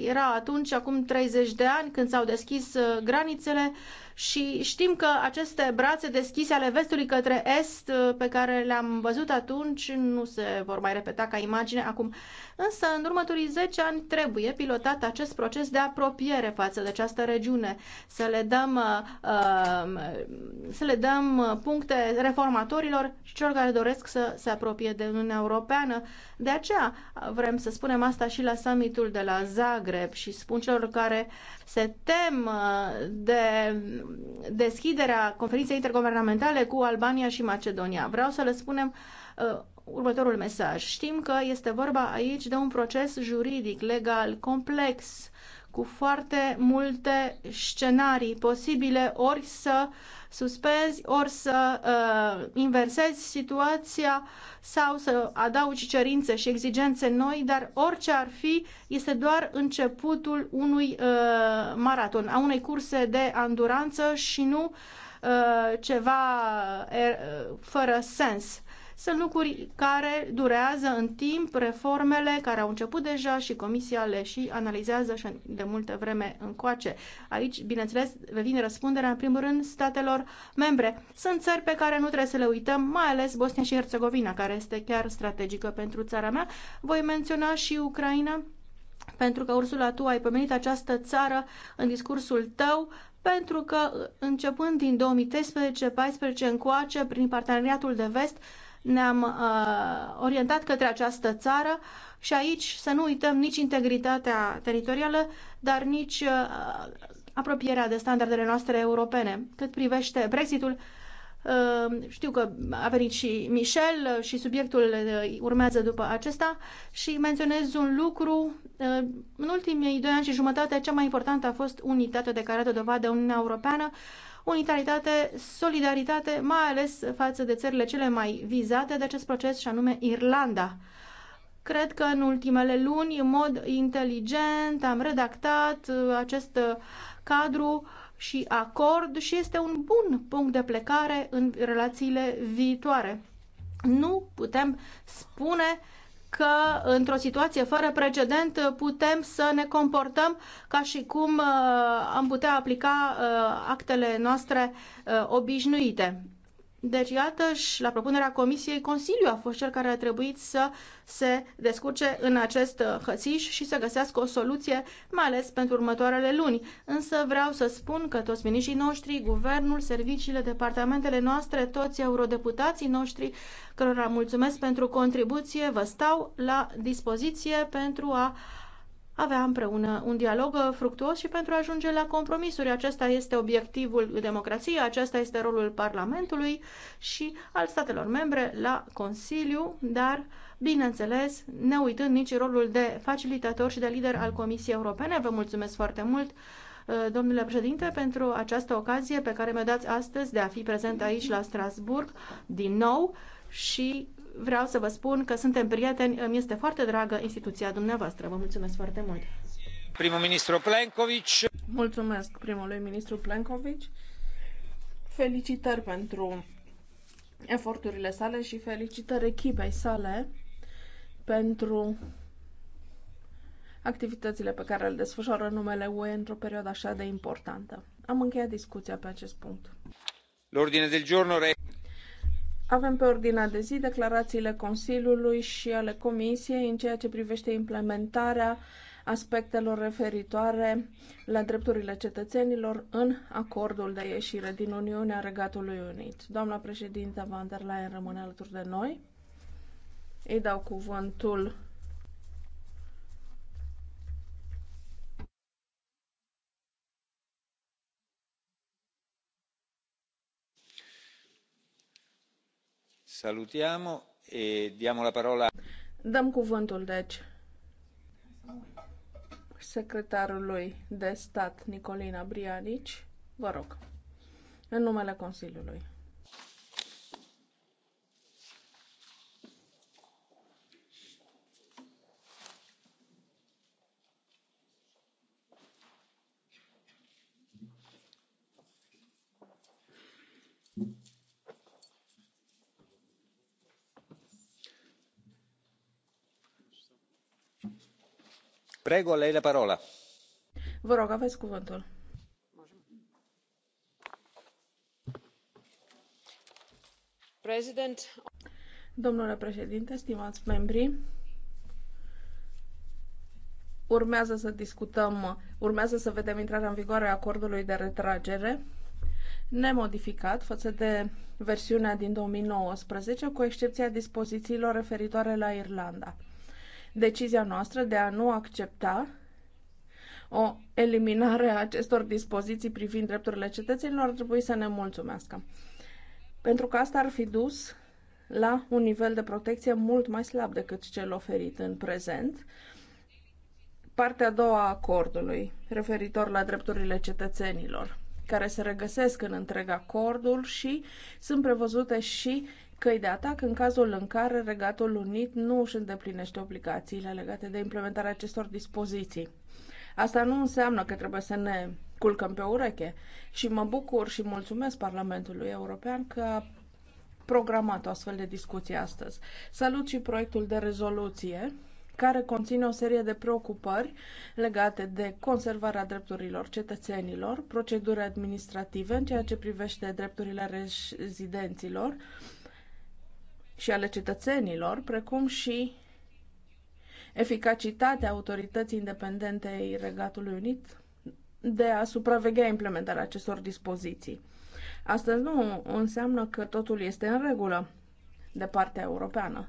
era atunci, acum 30 de ani, când s-au deschis uh, granițele și știm că aceste brațe deschise ale vestului către est uh, pe care le-am văzut atunci nu se vor mai repeta ca imagine acum. Însă în următorii 10 ani trebuie pilotat acest proces de apropiere față de această regiune, să le dăm, uh, um, să le dăm uh, puncte reformatorilor și celor care doresc să se apropie de Uniunea Europeană. De aceea vrem să spunem asta și la summitul de la Zagreb și spun celor care uh, se tem uh, de deschiderea conferinței interguvernamentale cu Albania și Macedonia. Vreau să le spunem uh, următorul mesaj. Știm că este vorba aici de un proces juridic, legal, complex, cu foarte multe scenarii posibile, ori să suspezi, ori să uh, inversezi situația sau să adaugi cerințe și exigențe noi, dar orice ar fi, este doar începutul unui uh, maraton, a unei curse de anduranță și nu uh, ceva er, uh, fără sens sunt lucruri care durează în timp, reformele care au început deja și Comisia le și analizează și de multe vreme încoace. Aici, bineînțeles, vine răspunderea, în primul rând, statelor membre. Sunt țări pe care nu trebuie să le uităm, mai ales Bosnia și Herțegovina, care este chiar strategică pentru țara mea. Voi menționa și Ucraina, pentru că, Ursula, tu ai pomenit această țară în discursul tău, pentru că începând din 2013 2014 încoace, prin parteneriatul de vest, ne-am uh, orientat către această țară și aici să nu uităm nici integritatea teritorială, dar nici uh, apropierea de standardele noastre europene. Cât privește Brexitul, uh, știu că a venit și Michel uh, și subiectul uh, urmează după acesta și menționez un lucru. Uh, în ultimii doi ani și jumătate, cea mai importantă a fost unitatea de care dă dovadă Uniunea Europeană. Uh, unitaritate, solidaritate, mai ales față de țările cele mai vizate de acest proces, și anume Irlanda. Cred că în ultimele luni, în mod inteligent, am redactat uh, acest uh, cadru și acord și este un bun punct de plecare în relațiile viitoare. Nu putem spune uh, că într-o situație fără precedent putem să ne comportăm ca și cum uh, am putea aplica uh, actele noastre uh, obișnuite. Deci, iată, și la propunerea Comisiei, Consiliul a fost cel care a trebuit să se descurce în acest uh, hățiș și să găsească o soluție, mai ales pentru următoarele luni. Însă vreau să spun că toți miniștrii noștri, guvernul, serviciile, departamentele noastre, toți eurodeputații noștri, cărora mulțumesc pentru contribuție, vă stau la dispoziție pentru a avea împreună un dialog fructuos și pentru a ajunge la compromisuri. Acesta este obiectivul democrației, acesta este rolul Parlamentului și al statelor membre la Consiliu, dar bineînțeles, ne uitând nici rolul de facilitator și de lider al Comisiei Europene. Vă mulțumesc foarte mult, uh, domnule președinte, pentru această ocazie pe care mi-o dați astăzi de a fi prezent aici la Strasburg din nou și vreau să vă spun că suntem prieteni, îmi este foarte dragă instituția dumneavoastră. Vă mulțumesc foarte mult. Primul ministru Plenković. Mulțumesc primului ministru Plenković. Felicitări pentru eforturile sale și felicitări echipei sale pentru activitățile pe care le desfășoară numele UE într-o perioadă așa de importantă. Am încheiat discuția pe acest punct. L'ordine del giorno avem pe ordinea de zi declarațiile Consiliului și ale Comisiei în ceea ce privește implementarea aspectelor referitoare la drepturile cetățenilor în acordul de ieșire din Uniunea Regatului Unit. Doamna președintă van der Leyen rămâne alături de noi. Îi dau cuvântul Salutiamo e diamo la parola. Dăm cuvântul, deci, secretarului de stat Nicolina Brianici. Vă rog, în numele Consiliului. domnule președinte stimați membri urmează să discutăm urmează să vedem intrarea în vigoare a acordului de retragere nemodificat față de versiunea din nouăsprezece cu excepția dispozițiilor referitoare la Irlanda decizia noastră de a nu accepta o eliminare a acestor dispoziții privind drepturile cetățenilor ar trebui să ne mulțumească. Pentru că asta ar fi dus la un nivel de protecție mult mai slab decât cel oferit în prezent. Partea a doua a acordului, referitor la drepturile cetățenilor, care se regăsesc în întreg acordul și sunt prevăzute și căi de atac în cazul în care Regatul Unit nu își îndeplinește obligațiile legate de implementarea acestor dispoziții. Asta nu înseamnă că trebuie să ne culcăm pe ureche și mă bucur și mulțumesc Parlamentului European că a programat o astfel de discuție astăzi. Salut și proiectul de rezoluție care conține o serie de preocupări legate de conservarea drepturilor cetățenilor, proceduri administrative în ceea ce privește drepturile rezidenților, și ale cetățenilor, precum și eficacitatea autorității independentei Regatului Unit de a supraveghea implementarea acestor dispoziții. Asta nu înseamnă că totul este în regulă de partea europeană.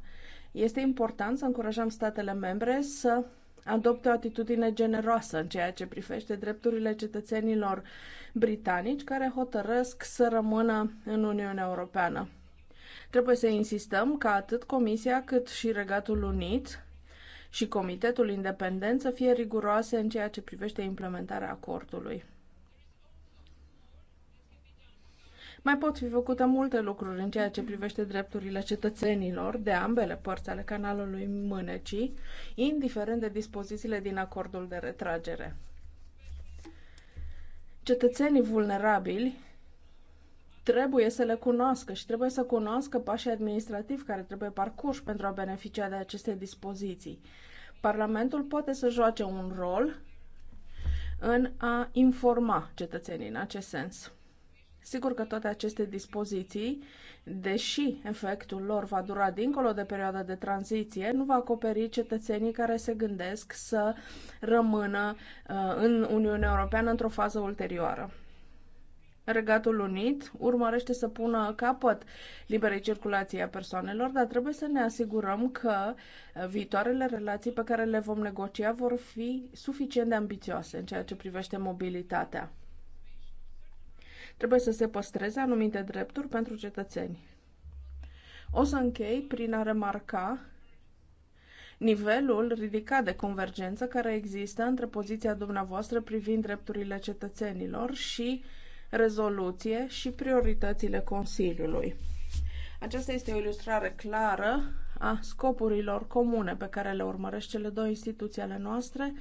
Este important să încurajăm statele membre să adopte o atitudine generoasă în ceea ce privește drepturile cetățenilor britanici care hotărăsc să rămână în Uniunea Europeană. Trebuie să insistăm ca atât Comisia cât și Regatul Unit și Comitetul Independent să fie riguroase în ceea ce privește implementarea acordului. Mai pot fi făcute multe lucruri în ceea ce privește drepturile cetățenilor de ambele părți ale canalului Mânecii, indiferent de dispozițiile din acordul de retragere. Cetățenii vulnerabili trebuie să le cunoască și trebuie să cunoască pașii administrativi care trebuie parcurși pentru a beneficia de aceste dispoziții. Parlamentul poate să joace un rol în a informa cetățenii în acest sens. Sigur că toate aceste dispoziții, deși efectul lor va dura dincolo de perioada de tranziție, nu va acoperi cetățenii care se gândesc să rămână uh, în Uniunea Europeană într-o fază ulterioară. Regatul Unit urmărește să pună capăt liberei circulației a persoanelor, dar trebuie să ne asigurăm că uh, viitoarele relații pe care le vom negocia vor fi suficient de ambițioase în ceea ce privește mobilitatea. Trebuie să se păstreze anumite drepturi pentru cetățeni. O să închei prin a remarca nivelul ridicat de convergență care există între poziția dumneavoastră privind drepturile cetățenilor și uh, rezoluție și prioritățile Consiliului. Aceasta este o ilustrare clară a scopurilor comune pe care le urmăresc cele două instituții ale noastre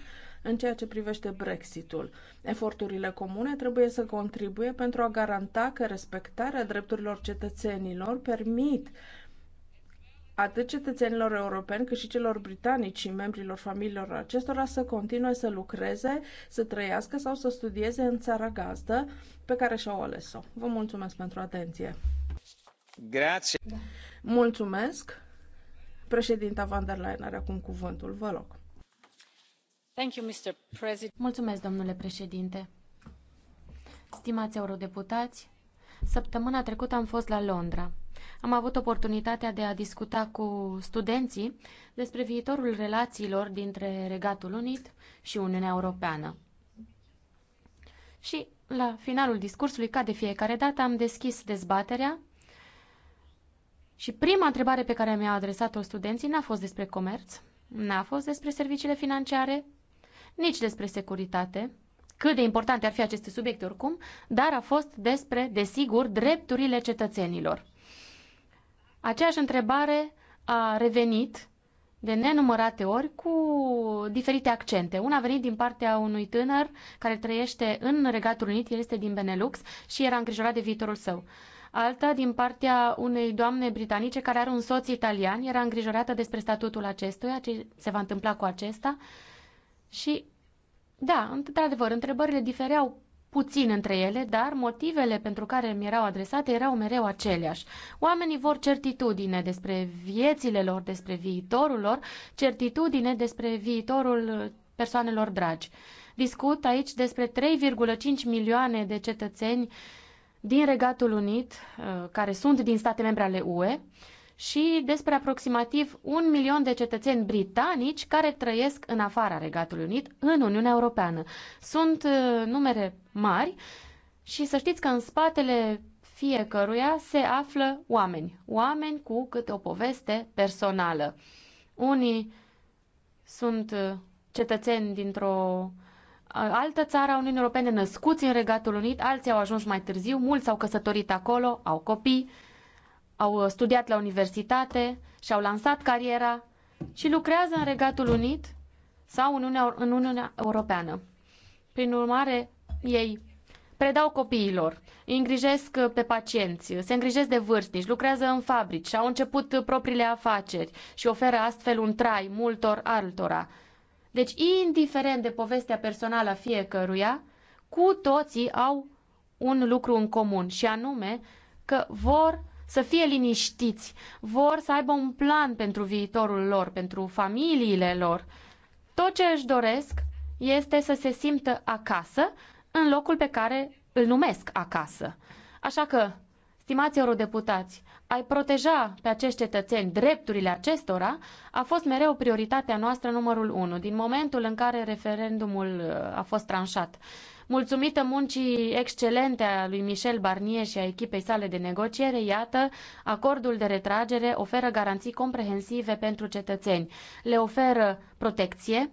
în ceea ce privește Brexitul. Eforturile comune trebuie să contribuie pentru a garanta că respectarea drepturilor cetățenilor permit atât cetățenilor europeni cât și celor britanici și membrilor familiilor acestora să continue să lucreze, să trăiască sau să studieze în țara gazdă pe care și-au ales-o. Vă mulțumesc pentru atenție. Grazie. Da. Mulțumesc. Președinta van der Leyen are acum cuvântul. Vă rog. Thank you, Mr. President. Mulțumesc, domnule președinte. Stimați eurodeputați, săptămâna trecută am fost la Londra am avut oportunitatea de a discuta cu studenții despre viitorul relațiilor dintre Regatul Unit și Uniunea Europeană. Și la finalul discursului, ca de fiecare dată, am deschis dezbaterea și prima întrebare pe care mi-a adresat-o studenții n-a fost despre comerț, n-a fost despre serviciile financiare, nici despre securitate, cât de importante ar fi aceste subiecte oricum, dar a fost despre, desigur, drepturile cetățenilor. Aceeași întrebare a revenit de nenumărate ori cu diferite accente. Una a venit din partea unui tânăr care trăiește în Regatul Unit, el este din Benelux și era îngrijorat de viitorul său. Alta din partea unei doamne britanice care are un soț italian, era îngrijorată despre statutul acestuia, ce se va întâmpla cu acesta. Și, da, într-adevăr, întrebările difereau puțin între ele, dar motivele pentru care mi erau adresate erau mereu aceleași. Oamenii vor certitudine despre viețile lor, despre viitorul lor, certitudine despre viitorul persoanelor dragi. Discut aici despre 3,5 milioane de cetățeni din Regatul Unit, uh, care sunt din state membre ale UE, și despre aproximativ un milion de cetățeni britanici care trăiesc în afara Regatului Unit, în Uniunea Europeană. Sunt uh, numere mari și să știți că în spatele fiecăruia se află oameni, oameni cu câte o poveste personală. Unii sunt uh, cetățeni dintr-o uh, altă țară a Uniunii Europene, născuți în Regatul Unit, alții au ajuns mai târziu, mulți s-au căsătorit acolo, au copii, au uh, studiat la universitate, și-au lansat cariera și lucrează în Regatul Unit sau în Uniunea, în Uniunea Europeană. Prin urmare, ei predau copiilor, îi îngrijesc uh, pe pacienți, se îngrijesc de vârstnici, lucrează în fabrici și au început uh, propriile afaceri și oferă astfel un trai multor altora. Deci, indiferent de povestea personală a fiecăruia, cu toții au un lucru în comun și anume că vor să fie liniștiți, vor să aibă un plan pentru viitorul lor, pentru familiile lor. Tot ce își doresc este să se simtă acasă în locul pe care îl numesc acasă. Așa că, stimați eurodeputați, ai proteja pe acești cetățeni drepturile acestora a fost mereu prioritatea noastră numărul 1 din momentul în care referendumul uh, a fost tranșat. Mulțumită muncii excelente a lui Michel Barnier și a echipei sale de negociere, iată, acordul de retragere oferă garanții comprehensive pentru cetățeni. Le oferă protecție,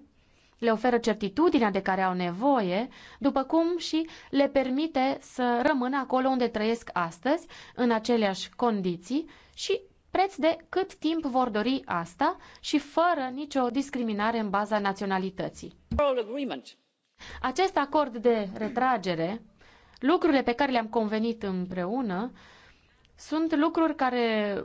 le oferă certitudinea de care au nevoie, după cum și le permite să rămână acolo unde trăiesc astăzi, în aceleași condiții și preț de cât timp vor dori asta și fără nicio discriminare în baza naționalității. Acest acord de retragere, lucrurile pe care le-am convenit împreună, sunt lucruri care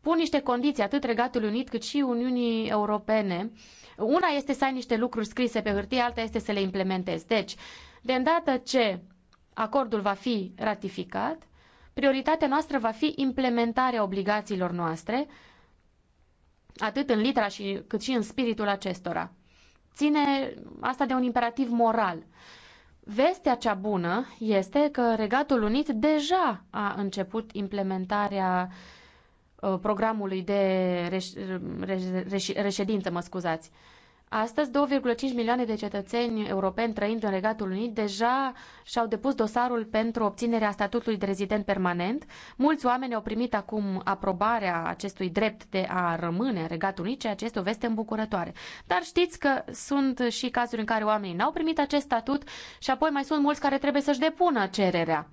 pun niște condiții atât Regatului Unit cât și Uniunii Europene. Una este să ai niște lucruri scrise pe hârtie, alta este să le implementezi. Deci, de îndată ce acordul va fi ratificat, prioritatea noastră va fi implementarea obligațiilor noastre, atât în litera și, cât și în spiritul acestora ține asta de un imperativ moral. Vestea cea bună este că Regatul Unit deja a început implementarea uh, programului de reș- reș- reședință, mă scuzați. Astăzi, 2,5 milioane de cetățeni europeni trăind în Regatul Unit deja și-au depus dosarul pentru obținerea statutului de rezident permanent. Mulți oameni au primit acum aprobarea acestui drept de a rămâne în Regatul Unit, ceea ce este o veste îmbucurătoare. Dar știți că sunt și cazuri în care oamenii n-au primit acest statut și apoi mai sunt mulți care trebuie să-și depună cererea.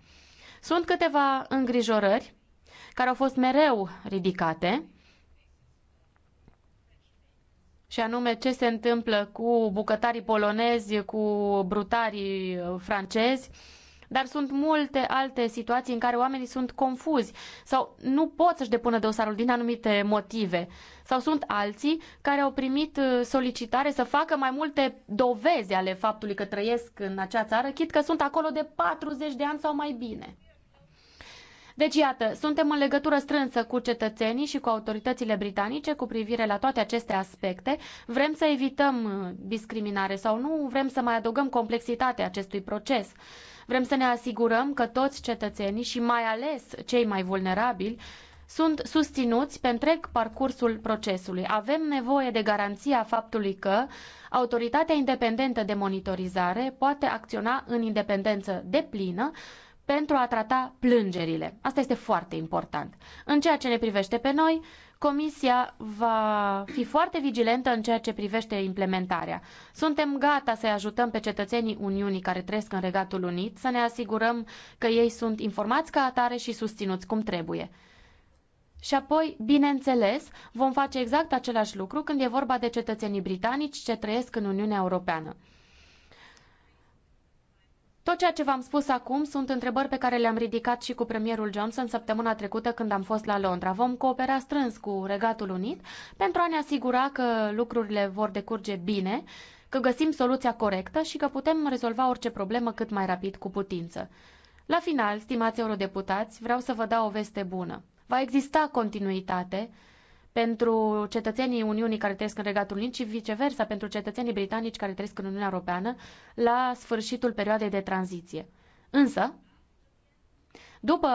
Sunt câteva îngrijorări care au fost mereu ridicate și anume ce se întâmplă cu bucătarii polonezi, cu brutarii francezi, dar sunt multe alte situații în care oamenii sunt confuzi sau nu pot să-și depună dosarul din anumite motive. Sau sunt alții care au primit uh, solicitare să facă mai multe dovezi ale faptului că trăiesc în acea țară, chit că sunt acolo de 40 de ani sau mai bine. Deci, iată, suntem în legătură strânsă cu cetățenii și cu autoritățile britanice cu privire la toate aceste aspecte. Vrem să evităm uh, discriminare sau nu, vrem să mai adăugăm complexitatea acestui proces. Vrem să ne asigurăm că toți cetățenii și mai ales cei mai vulnerabili sunt susținuți pe întreg parcursul procesului. Avem nevoie de garanția faptului că autoritatea independentă de monitorizare poate acționa în independență deplină pentru a trata plângerile. Asta este foarte important. În ceea ce ne privește pe noi, Comisia va fi foarte vigilentă în ceea ce privește implementarea. Suntem gata să-i ajutăm pe cetățenii Uniunii care trăiesc în Regatul Unit să ne asigurăm că ei sunt informați ca atare și susținuți cum trebuie. Și apoi, bineînțeles, vom face exact același lucru când e vorba de cetățenii britanici ce trăiesc în Uniunea Europeană. Tot ceea ce v-am spus acum sunt întrebări pe care le-am ridicat și cu premierul Johnson săptămâna trecută când am fost la Londra. Vom coopera strâns cu Regatul Unit pentru a ne asigura că lucrurile vor decurge bine, că găsim soluția corectă și că putem rezolva orice problemă cât mai rapid cu putință. La final, stimați eurodeputați, vreau să vă dau o veste bună. Va exista continuitate pentru cetățenii Uniunii care trăiesc în Regatul Unit și viceversa pentru cetățenii britanici care trăiesc în Uniunea Europeană la sfârșitul perioadei de tranziție. Însă, după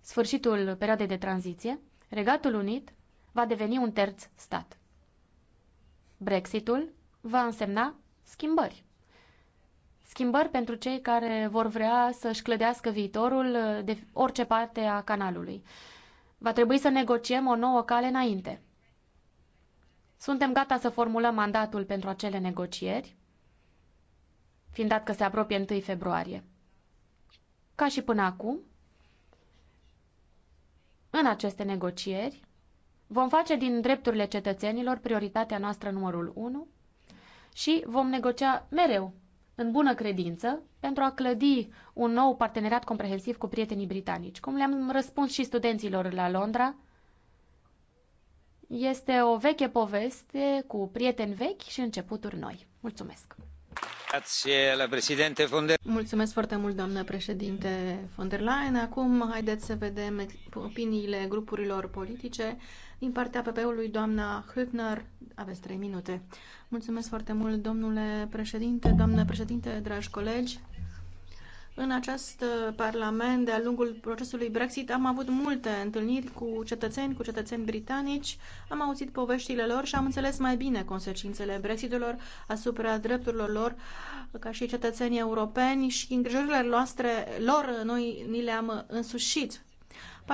sfârșitul perioadei de tranziție, Regatul Unit va deveni un terț stat. Brexitul va însemna schimbări. Schimbări pentru cei care vor vrea să-și clădească viitorul de orice parte a canalului. Va trebui să negociem o nouă cale înainte. Suntem gata să formulăm mandatul pentru acele negocieri, fiind dat că se apropie 1 februarie. Ca și până acum, în aceste negocieri, vom face din drepturile cetățenilor prioritatea noastră numărul 1 și vom negocia mereu în bună credință, pentru a clădi un nou parteneriat comprehensiv cu prietenii britanici. Cum le-am răspuns și studenților la Londra, este o veche poveste cu prieteni vechi și începuturi noi. Mulțumesc! Mulțumesc foarte mult, doamnă președinte von der Leyen. Acum, haideți să vedem opiniile grupurilor politice. Din partea PP-ului, doamna Hübner, aveți trei minute. Mulțumesc foarte mult, domnule președinte, doamnă președinte, dragi colegi. În acest uh, parlament, de-a lungul procesului Brexit, am avut multe întâlniri cu cetățeni, cu cetățeni britanici, am auzit poveștile lor și am înțeles mai bine consecințele Brexitelor asupra drepturilor lor ca și cetățenii europeni și îngrijorările noastre lor noi ni le-am însușit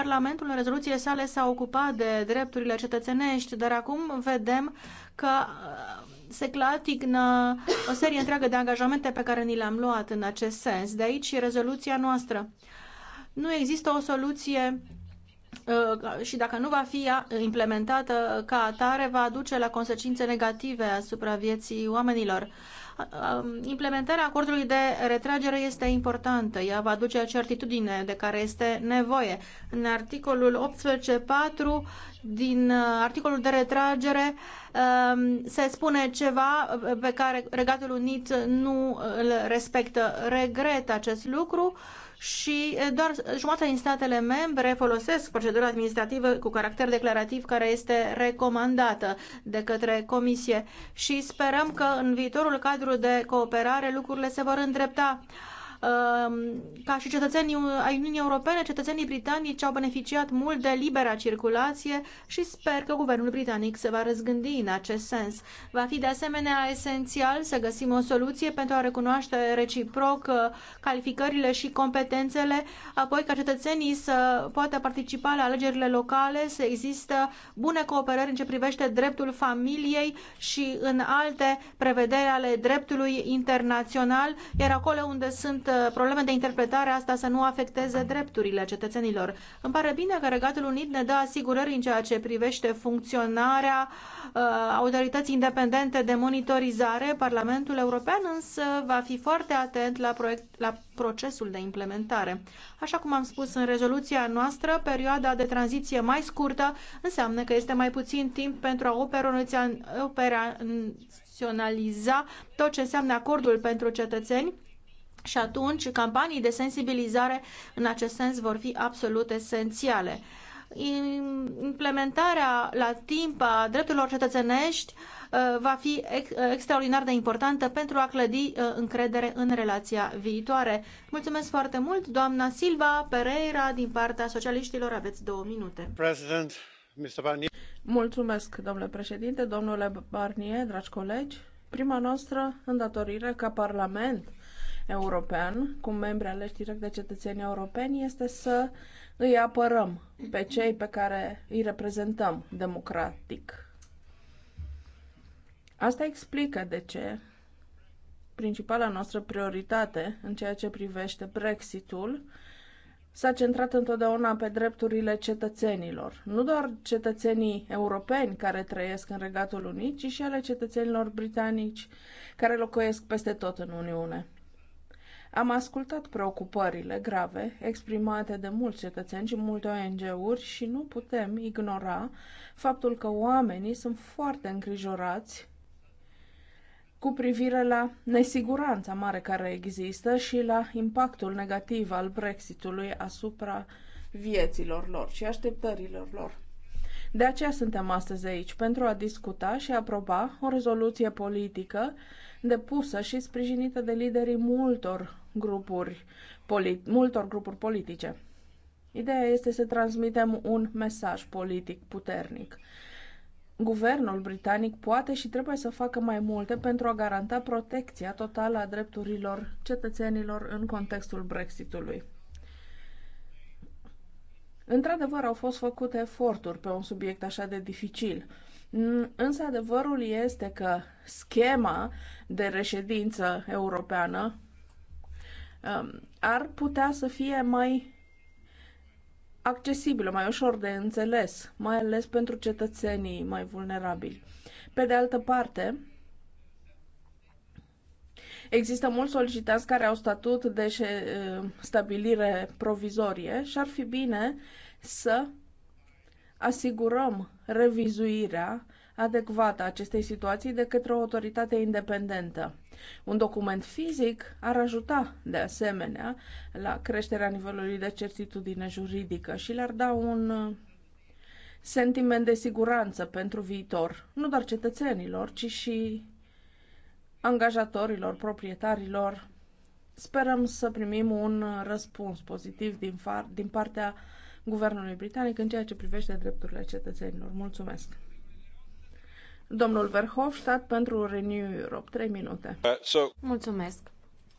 Parlamentul în rezoluțiile sale s-a ocupat de drepturile cetățenești, dar acum vedem că uh, se clatignă o serie întreagă de angajamente pe care ni le-am luat în acest sens. De aici rezoluția noastră. Nu există o soluție uh, și dacă nu va fi implementată ca atare, va aduce la consecințe negative asupra vieții oamenilor. Um, implementarea acordului de retragere este importantă. Ea va aduce certitudine de care este nevoie. În articolul 18.4 din uh, articolul de retragere um, se spune ceva uh, pe care Regatul Unit nu uh, îl respectă. Regret acest lucru și doar jumătate din statele membre folosesc procedura administrativă cu caracter declarativ care este recomandată de către Comisie și sperăm că în viitorul cadru de cooperare lucrurile se vor îndrepta. Ehm, ca și cetățenii ai Uniunii Europene, cetățenii britanici au beneficiat mult de libera circulație și sper că guvernul britanic se va răzgândi în acest sens. Va fi de asemenea esențial să găsim o soluție pentru a recunoaște reciproc uh, calificările și competențele, apoi ca cetățenii să poată participa la alegerile locale, să există bune cooperări în ce privește dreptul familiei și în alte prevederi ale dreptului internațional, iar acolo unde sunt Uh, probleme de interpretare, asta să nu afecteze drepturile cetățenilor. Îmi pare bine că Regatul Unit ne dă asigurări în ceea ce privește funcționarea uh, autorității independente de monitorizare. Parlamentul European însă va fi foarte atent la, proiect, la procesul de implementare. Așa cum am spus în rezoluția noastră, perioada de tranziție mai scurtă înseamnă că este mai puțin timp pentru a operaționaliza tot ce înseamnă acordul pentru cetățeni și atunci campanii de sensibilizare în acest sens vor fi absolut esențiale. Implementarea la timp a drepturilor cetățenești uh, va fi extraordinar de importantă pentru a clădi uh, încredere în relația viitoare. Mulțumesc foarte mult, doamna Silva Pereira, din partea socialiștilor. Aveți două minute. President, Mr. Barnier. Mulțumesc, domnule președinte, domnule Barnier, dragi colegi. Prima noastră îndatorire ca Parlament european, cu membri aleși direct de cetățenii europeni, este să îi apărăm pe cei pe care îi reprezentăm democratic. Asta explică de ce principala noastră prioritate în ceea ce privește Brexitul s-a centrat întotdeauna pe drepturile cetățenilor. Nu doar cetățenii europeni care trăiesc în Regatul Unit, ci și ale cetățenilor britanici care locuiesc peste tot în Uniune. Am ascultat preocupările grave exprimate de mulți cetățeni și multe ONG-uri și nu putem ignora faptul că oamenii sunt foarte îngrijorați cu privire la nesiguranța mare care există și la impactul negativ al Brexitului asupra vieților lor și așteptărilor lor. De aceea suntem astăzi aici, pentru a discuta și aproba o rezoluție politică depusă și sprijinită de liderii multor grupuri, polit- multor grupuri politice. Ideea este să transmitem un mesaj politic puternic. Guvernul britanic poate și trebuie să facă mai multe pentru a garanta protecția totală a drepturilor cetățenilor în contextul Brexitului. Într-adevăr, au fost făcute eforturi pe un subiect așa de dificil. Mm, însă adevărul este că schema de reședință europeană um, ar putea să fie mai accesibilă, mai ușor de înțeles, mai ales pentru cetățenii mai vulnerabili. Pe de altă parte, Există mulți solicitanți care au statut de eh, stabilire provizorie și ar fi bine să asigurăm revizuirea adecvată a acestei situații de către o autoritate independentă. Un document fizic ar ajuta, de asemenea, la creșterea nivelului de certitudine juridică și le-ar da un eh, sentiment de siguranță pentru viitor, nu doar cetățenilor, ci și angajatorilor, proprietarilor. Sperăm să primim un răspuns pozitiv din, far, din partea guvernului britanic în ceea ce privește drepturile cetățenilor. Mulțumesc! Domnul Verhofstadt pentru Renew Europe, 3 minute. Uh, so... Mulțumesc!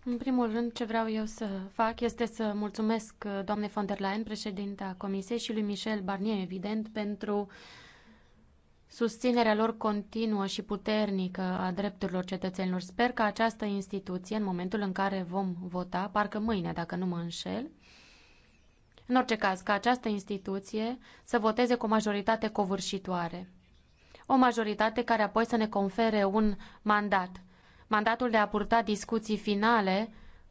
În primul rând, ce vreau eu să fac este să mulțumesc uh, doamnei von der Leyen, președinta Comisiei, și lui Michel Barnier, evident, pentru uh, susținerea lor continuă și puternică a drepturilor cetățenilor. Sper că această instituție, în momentul în care vom vota, parcă mâine, dacă nu mă înșel, în orice caz, ca această instituție să voteze cu o majoritate covârșitoare. O majoritate care apoi să ne confere un mandat. Mandatul de a purta discuții finale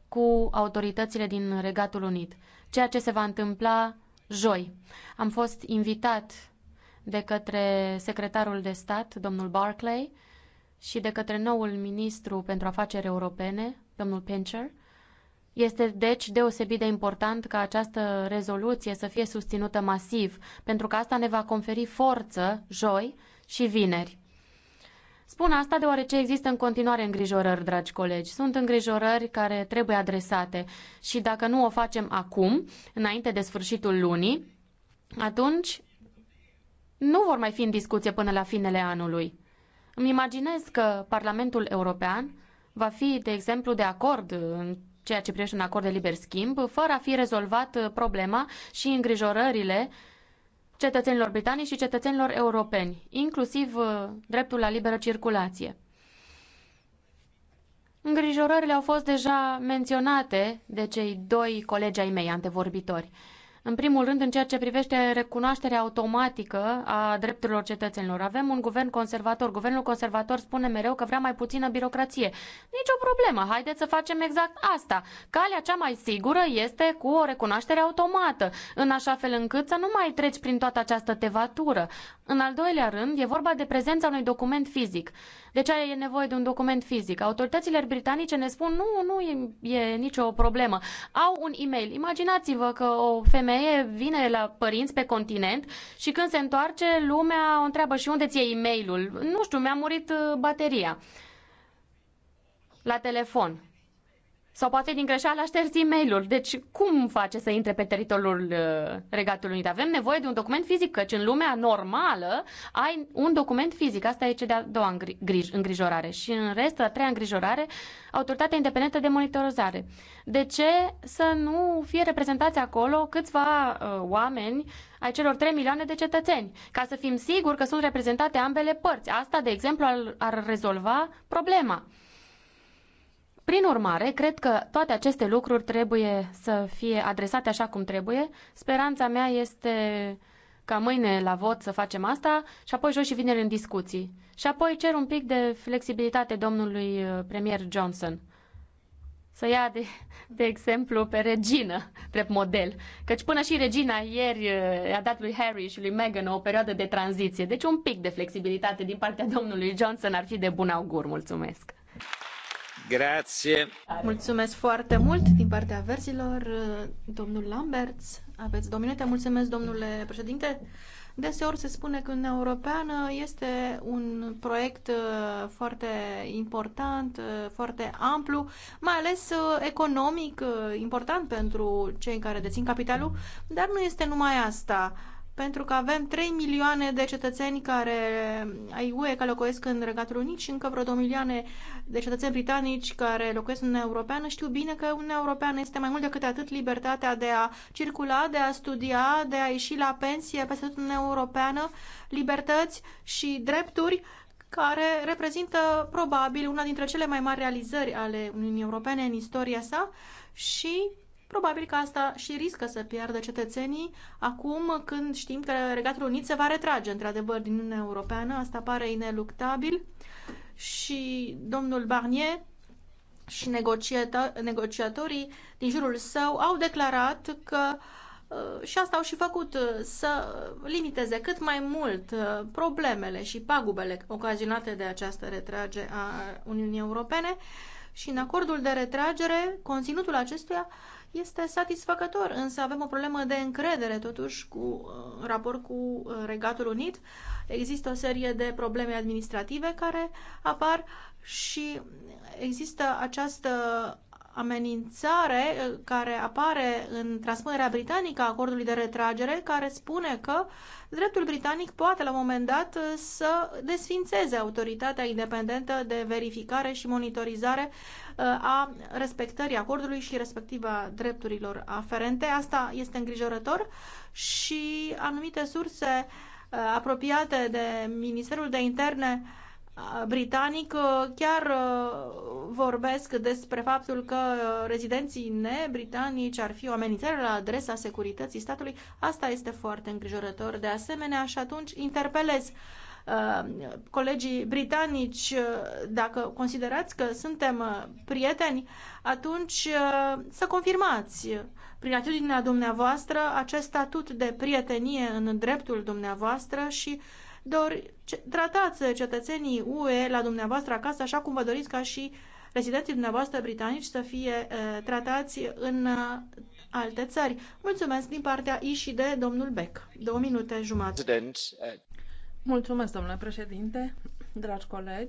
cu autoritățile din Regatul Unit. Ceea ce se va întâmpla joi. Am fost invitat de către secretarul de stat, domnul Barclay, și de către noul ministru pentru afaceri europene, domnul Pincher. Este deci deosebit de important ca această rezoluție să fie susținută masiv, pentru că asta ne va conferi forță joi și vineri. Spun asta deoarece există în continuare îngrijorări, dragi colegi. Sunt îngrijorări care trebuie adresate și dacă nu o facem acum, înainte de sfârșitul lunii, atunci nu vor mai fi în discuție până la finele anului. Îmi imaginez că Parlamentul European va fi, de exemplu, de acord în ceea ce privește un acord de liber schimb, fără a fi rezolvat problema și îngrijorările cetățenilor britanici și cetățenilor europeni, inclusiv uh, dreptul la liberă circulație. Îngrijorările au fost deja menționate de cei doi colegi ai mei antevorbitori. În primul rând, în ceea ce privește recunoașterea automatică a drepturilor cetățenilor. Avem un guvern conservator. Guvernul conservator spune mereu că vrea mai puțină birocrație. Nici o problemă. Haideți să facem exact asta. Calea cea mai sigură este cu o recunoaștere automată, în așa fel încât să nu mai treci prin toată această tevatură. În al doilea rând, e vorba de prezența unui document fizic de deci ce e nevoie de un document fizic. Autoritățile britanice ne spun nu, nu e, e nicio problemă. Au un e-mail. Imaginați-vă că o femeie vine la părinți pe continent și când se întoarce, lumea o întreabă și unde ți-e e-mailul? Nu știu, mi-a murit uh, bateria. La telefon. Sau poate din greșeală a șters e Deci cum face să intre pe teritoriul uh, Regatului Unit? Avem nevoie de un document fizic, căci în lumea normală ai un document fizic. Asta e cea de-a doua îngrijorare. Și în rest, a treia îngrijorare, Autoritatea Independentă de Monitorizare. De ce să nu fie reprezentați acolo câțiva uh, oameni ai celor 3 milioane de cetățeni, ca să fim siguri că sunt reprezentate ambele părți. Asta, de exemplu, ar, ar rezolva problema. Prin urmare, cred că toate aceste lucruri trebuie să fie adresate așa cum trebuie. Speranța mea este ca mâine la vot să facem asta și apoi joi și vineri în discuții. Și apoi cer un pic de flexibilitate domnului uh, premier Johnson. Să ia de, de exemplu pe regină, drept model. Căci până și regina ieri uh, a dat lui Harry și lui Meghan o perioadă de tranziție. Deci un pic de flexibilitate din partea domnului Johnson ar fi de bun augur. Mulțumesc! Mulțumesc foarte mult din partea verzilor. Domnul Lamberts, aveți două minute. Mulțumesc, domnule președinte. Deseori se spune că Uniunea Europeană este un proiect uh, foarte important, uh, foarte amplu, mai ales uh, economic important pentru cei care dețin capitalul, dar nu este numai asta pentru că avem 3 milioane de cetățeni care ai UE care locuiesc în Regatul Unit și încă vreo 2 milioane de cetățeni britanici care locuiesc în Uniunea Europeană știu bine că Uniunea Europeană este mai mult decât atât libertatea de a circula, de a studia, de a ieși la pensie peste tot Uniunea Europeană, libertăți și drepturi care reprezintă probabil una dintre cele mai mari realizări ale Uniunii Europene în istoria sa și Probabil că asta și riscă să piardă cetățenii acum când știm că Regatul Unit se va retrage într-adevăr din Uniunea Europeană. Asta pare ineluctabil și domnul Barnier și negociatorii din jurul său au declarat că uh, și asta au și făcut uh, să limiteze cât mai mult uh, problemele și pagubele ocazionate de această retrage a Uniunii Europene și în acordul de retragere, conținutul acestuia este satisfăcător, însă avem o problemă de încredere totuși cu, în raport cu uh, Regatul Unit. Există o serie de probleme administrative care apar și există această amenințare uh, care apare în transpunerea britanică a acordului de retragere, care spune că dreptul britanic poate la un moment dat uh, să desfințeze autoritatea independentă de verificare și monitorizare uh, a respectării acordului și respectiva drepturilor aferente. Asta este îngrijorător și anumite surse apropiate de Ministerul de Interne uh, britanic uh, chiar uh, vorbesc despre faptul că uh, rezidenții nebritanici ar fi o amenințare la adresa securității statului. Asta este foarte îngrijorător de asemenea și atunci interpelez colegii britanici, dacă considerați că suntem prieteni, atunci să confirmați prin atitudinea dumneavoastră acest statut de prietenie în dreptul dumneavoastră și uh, Dor tratați uh, cetățenii UE la dumneavoastră acasă așa cum vă doriți ca și rezidenții dumneavoastră britanici să fie uh, tratați în uh, alte țări. Mulțumesc din partea I și de domnul Beck. Două minute jumate. Uh, Mulțumesc, domnule președinte, dragi colegi.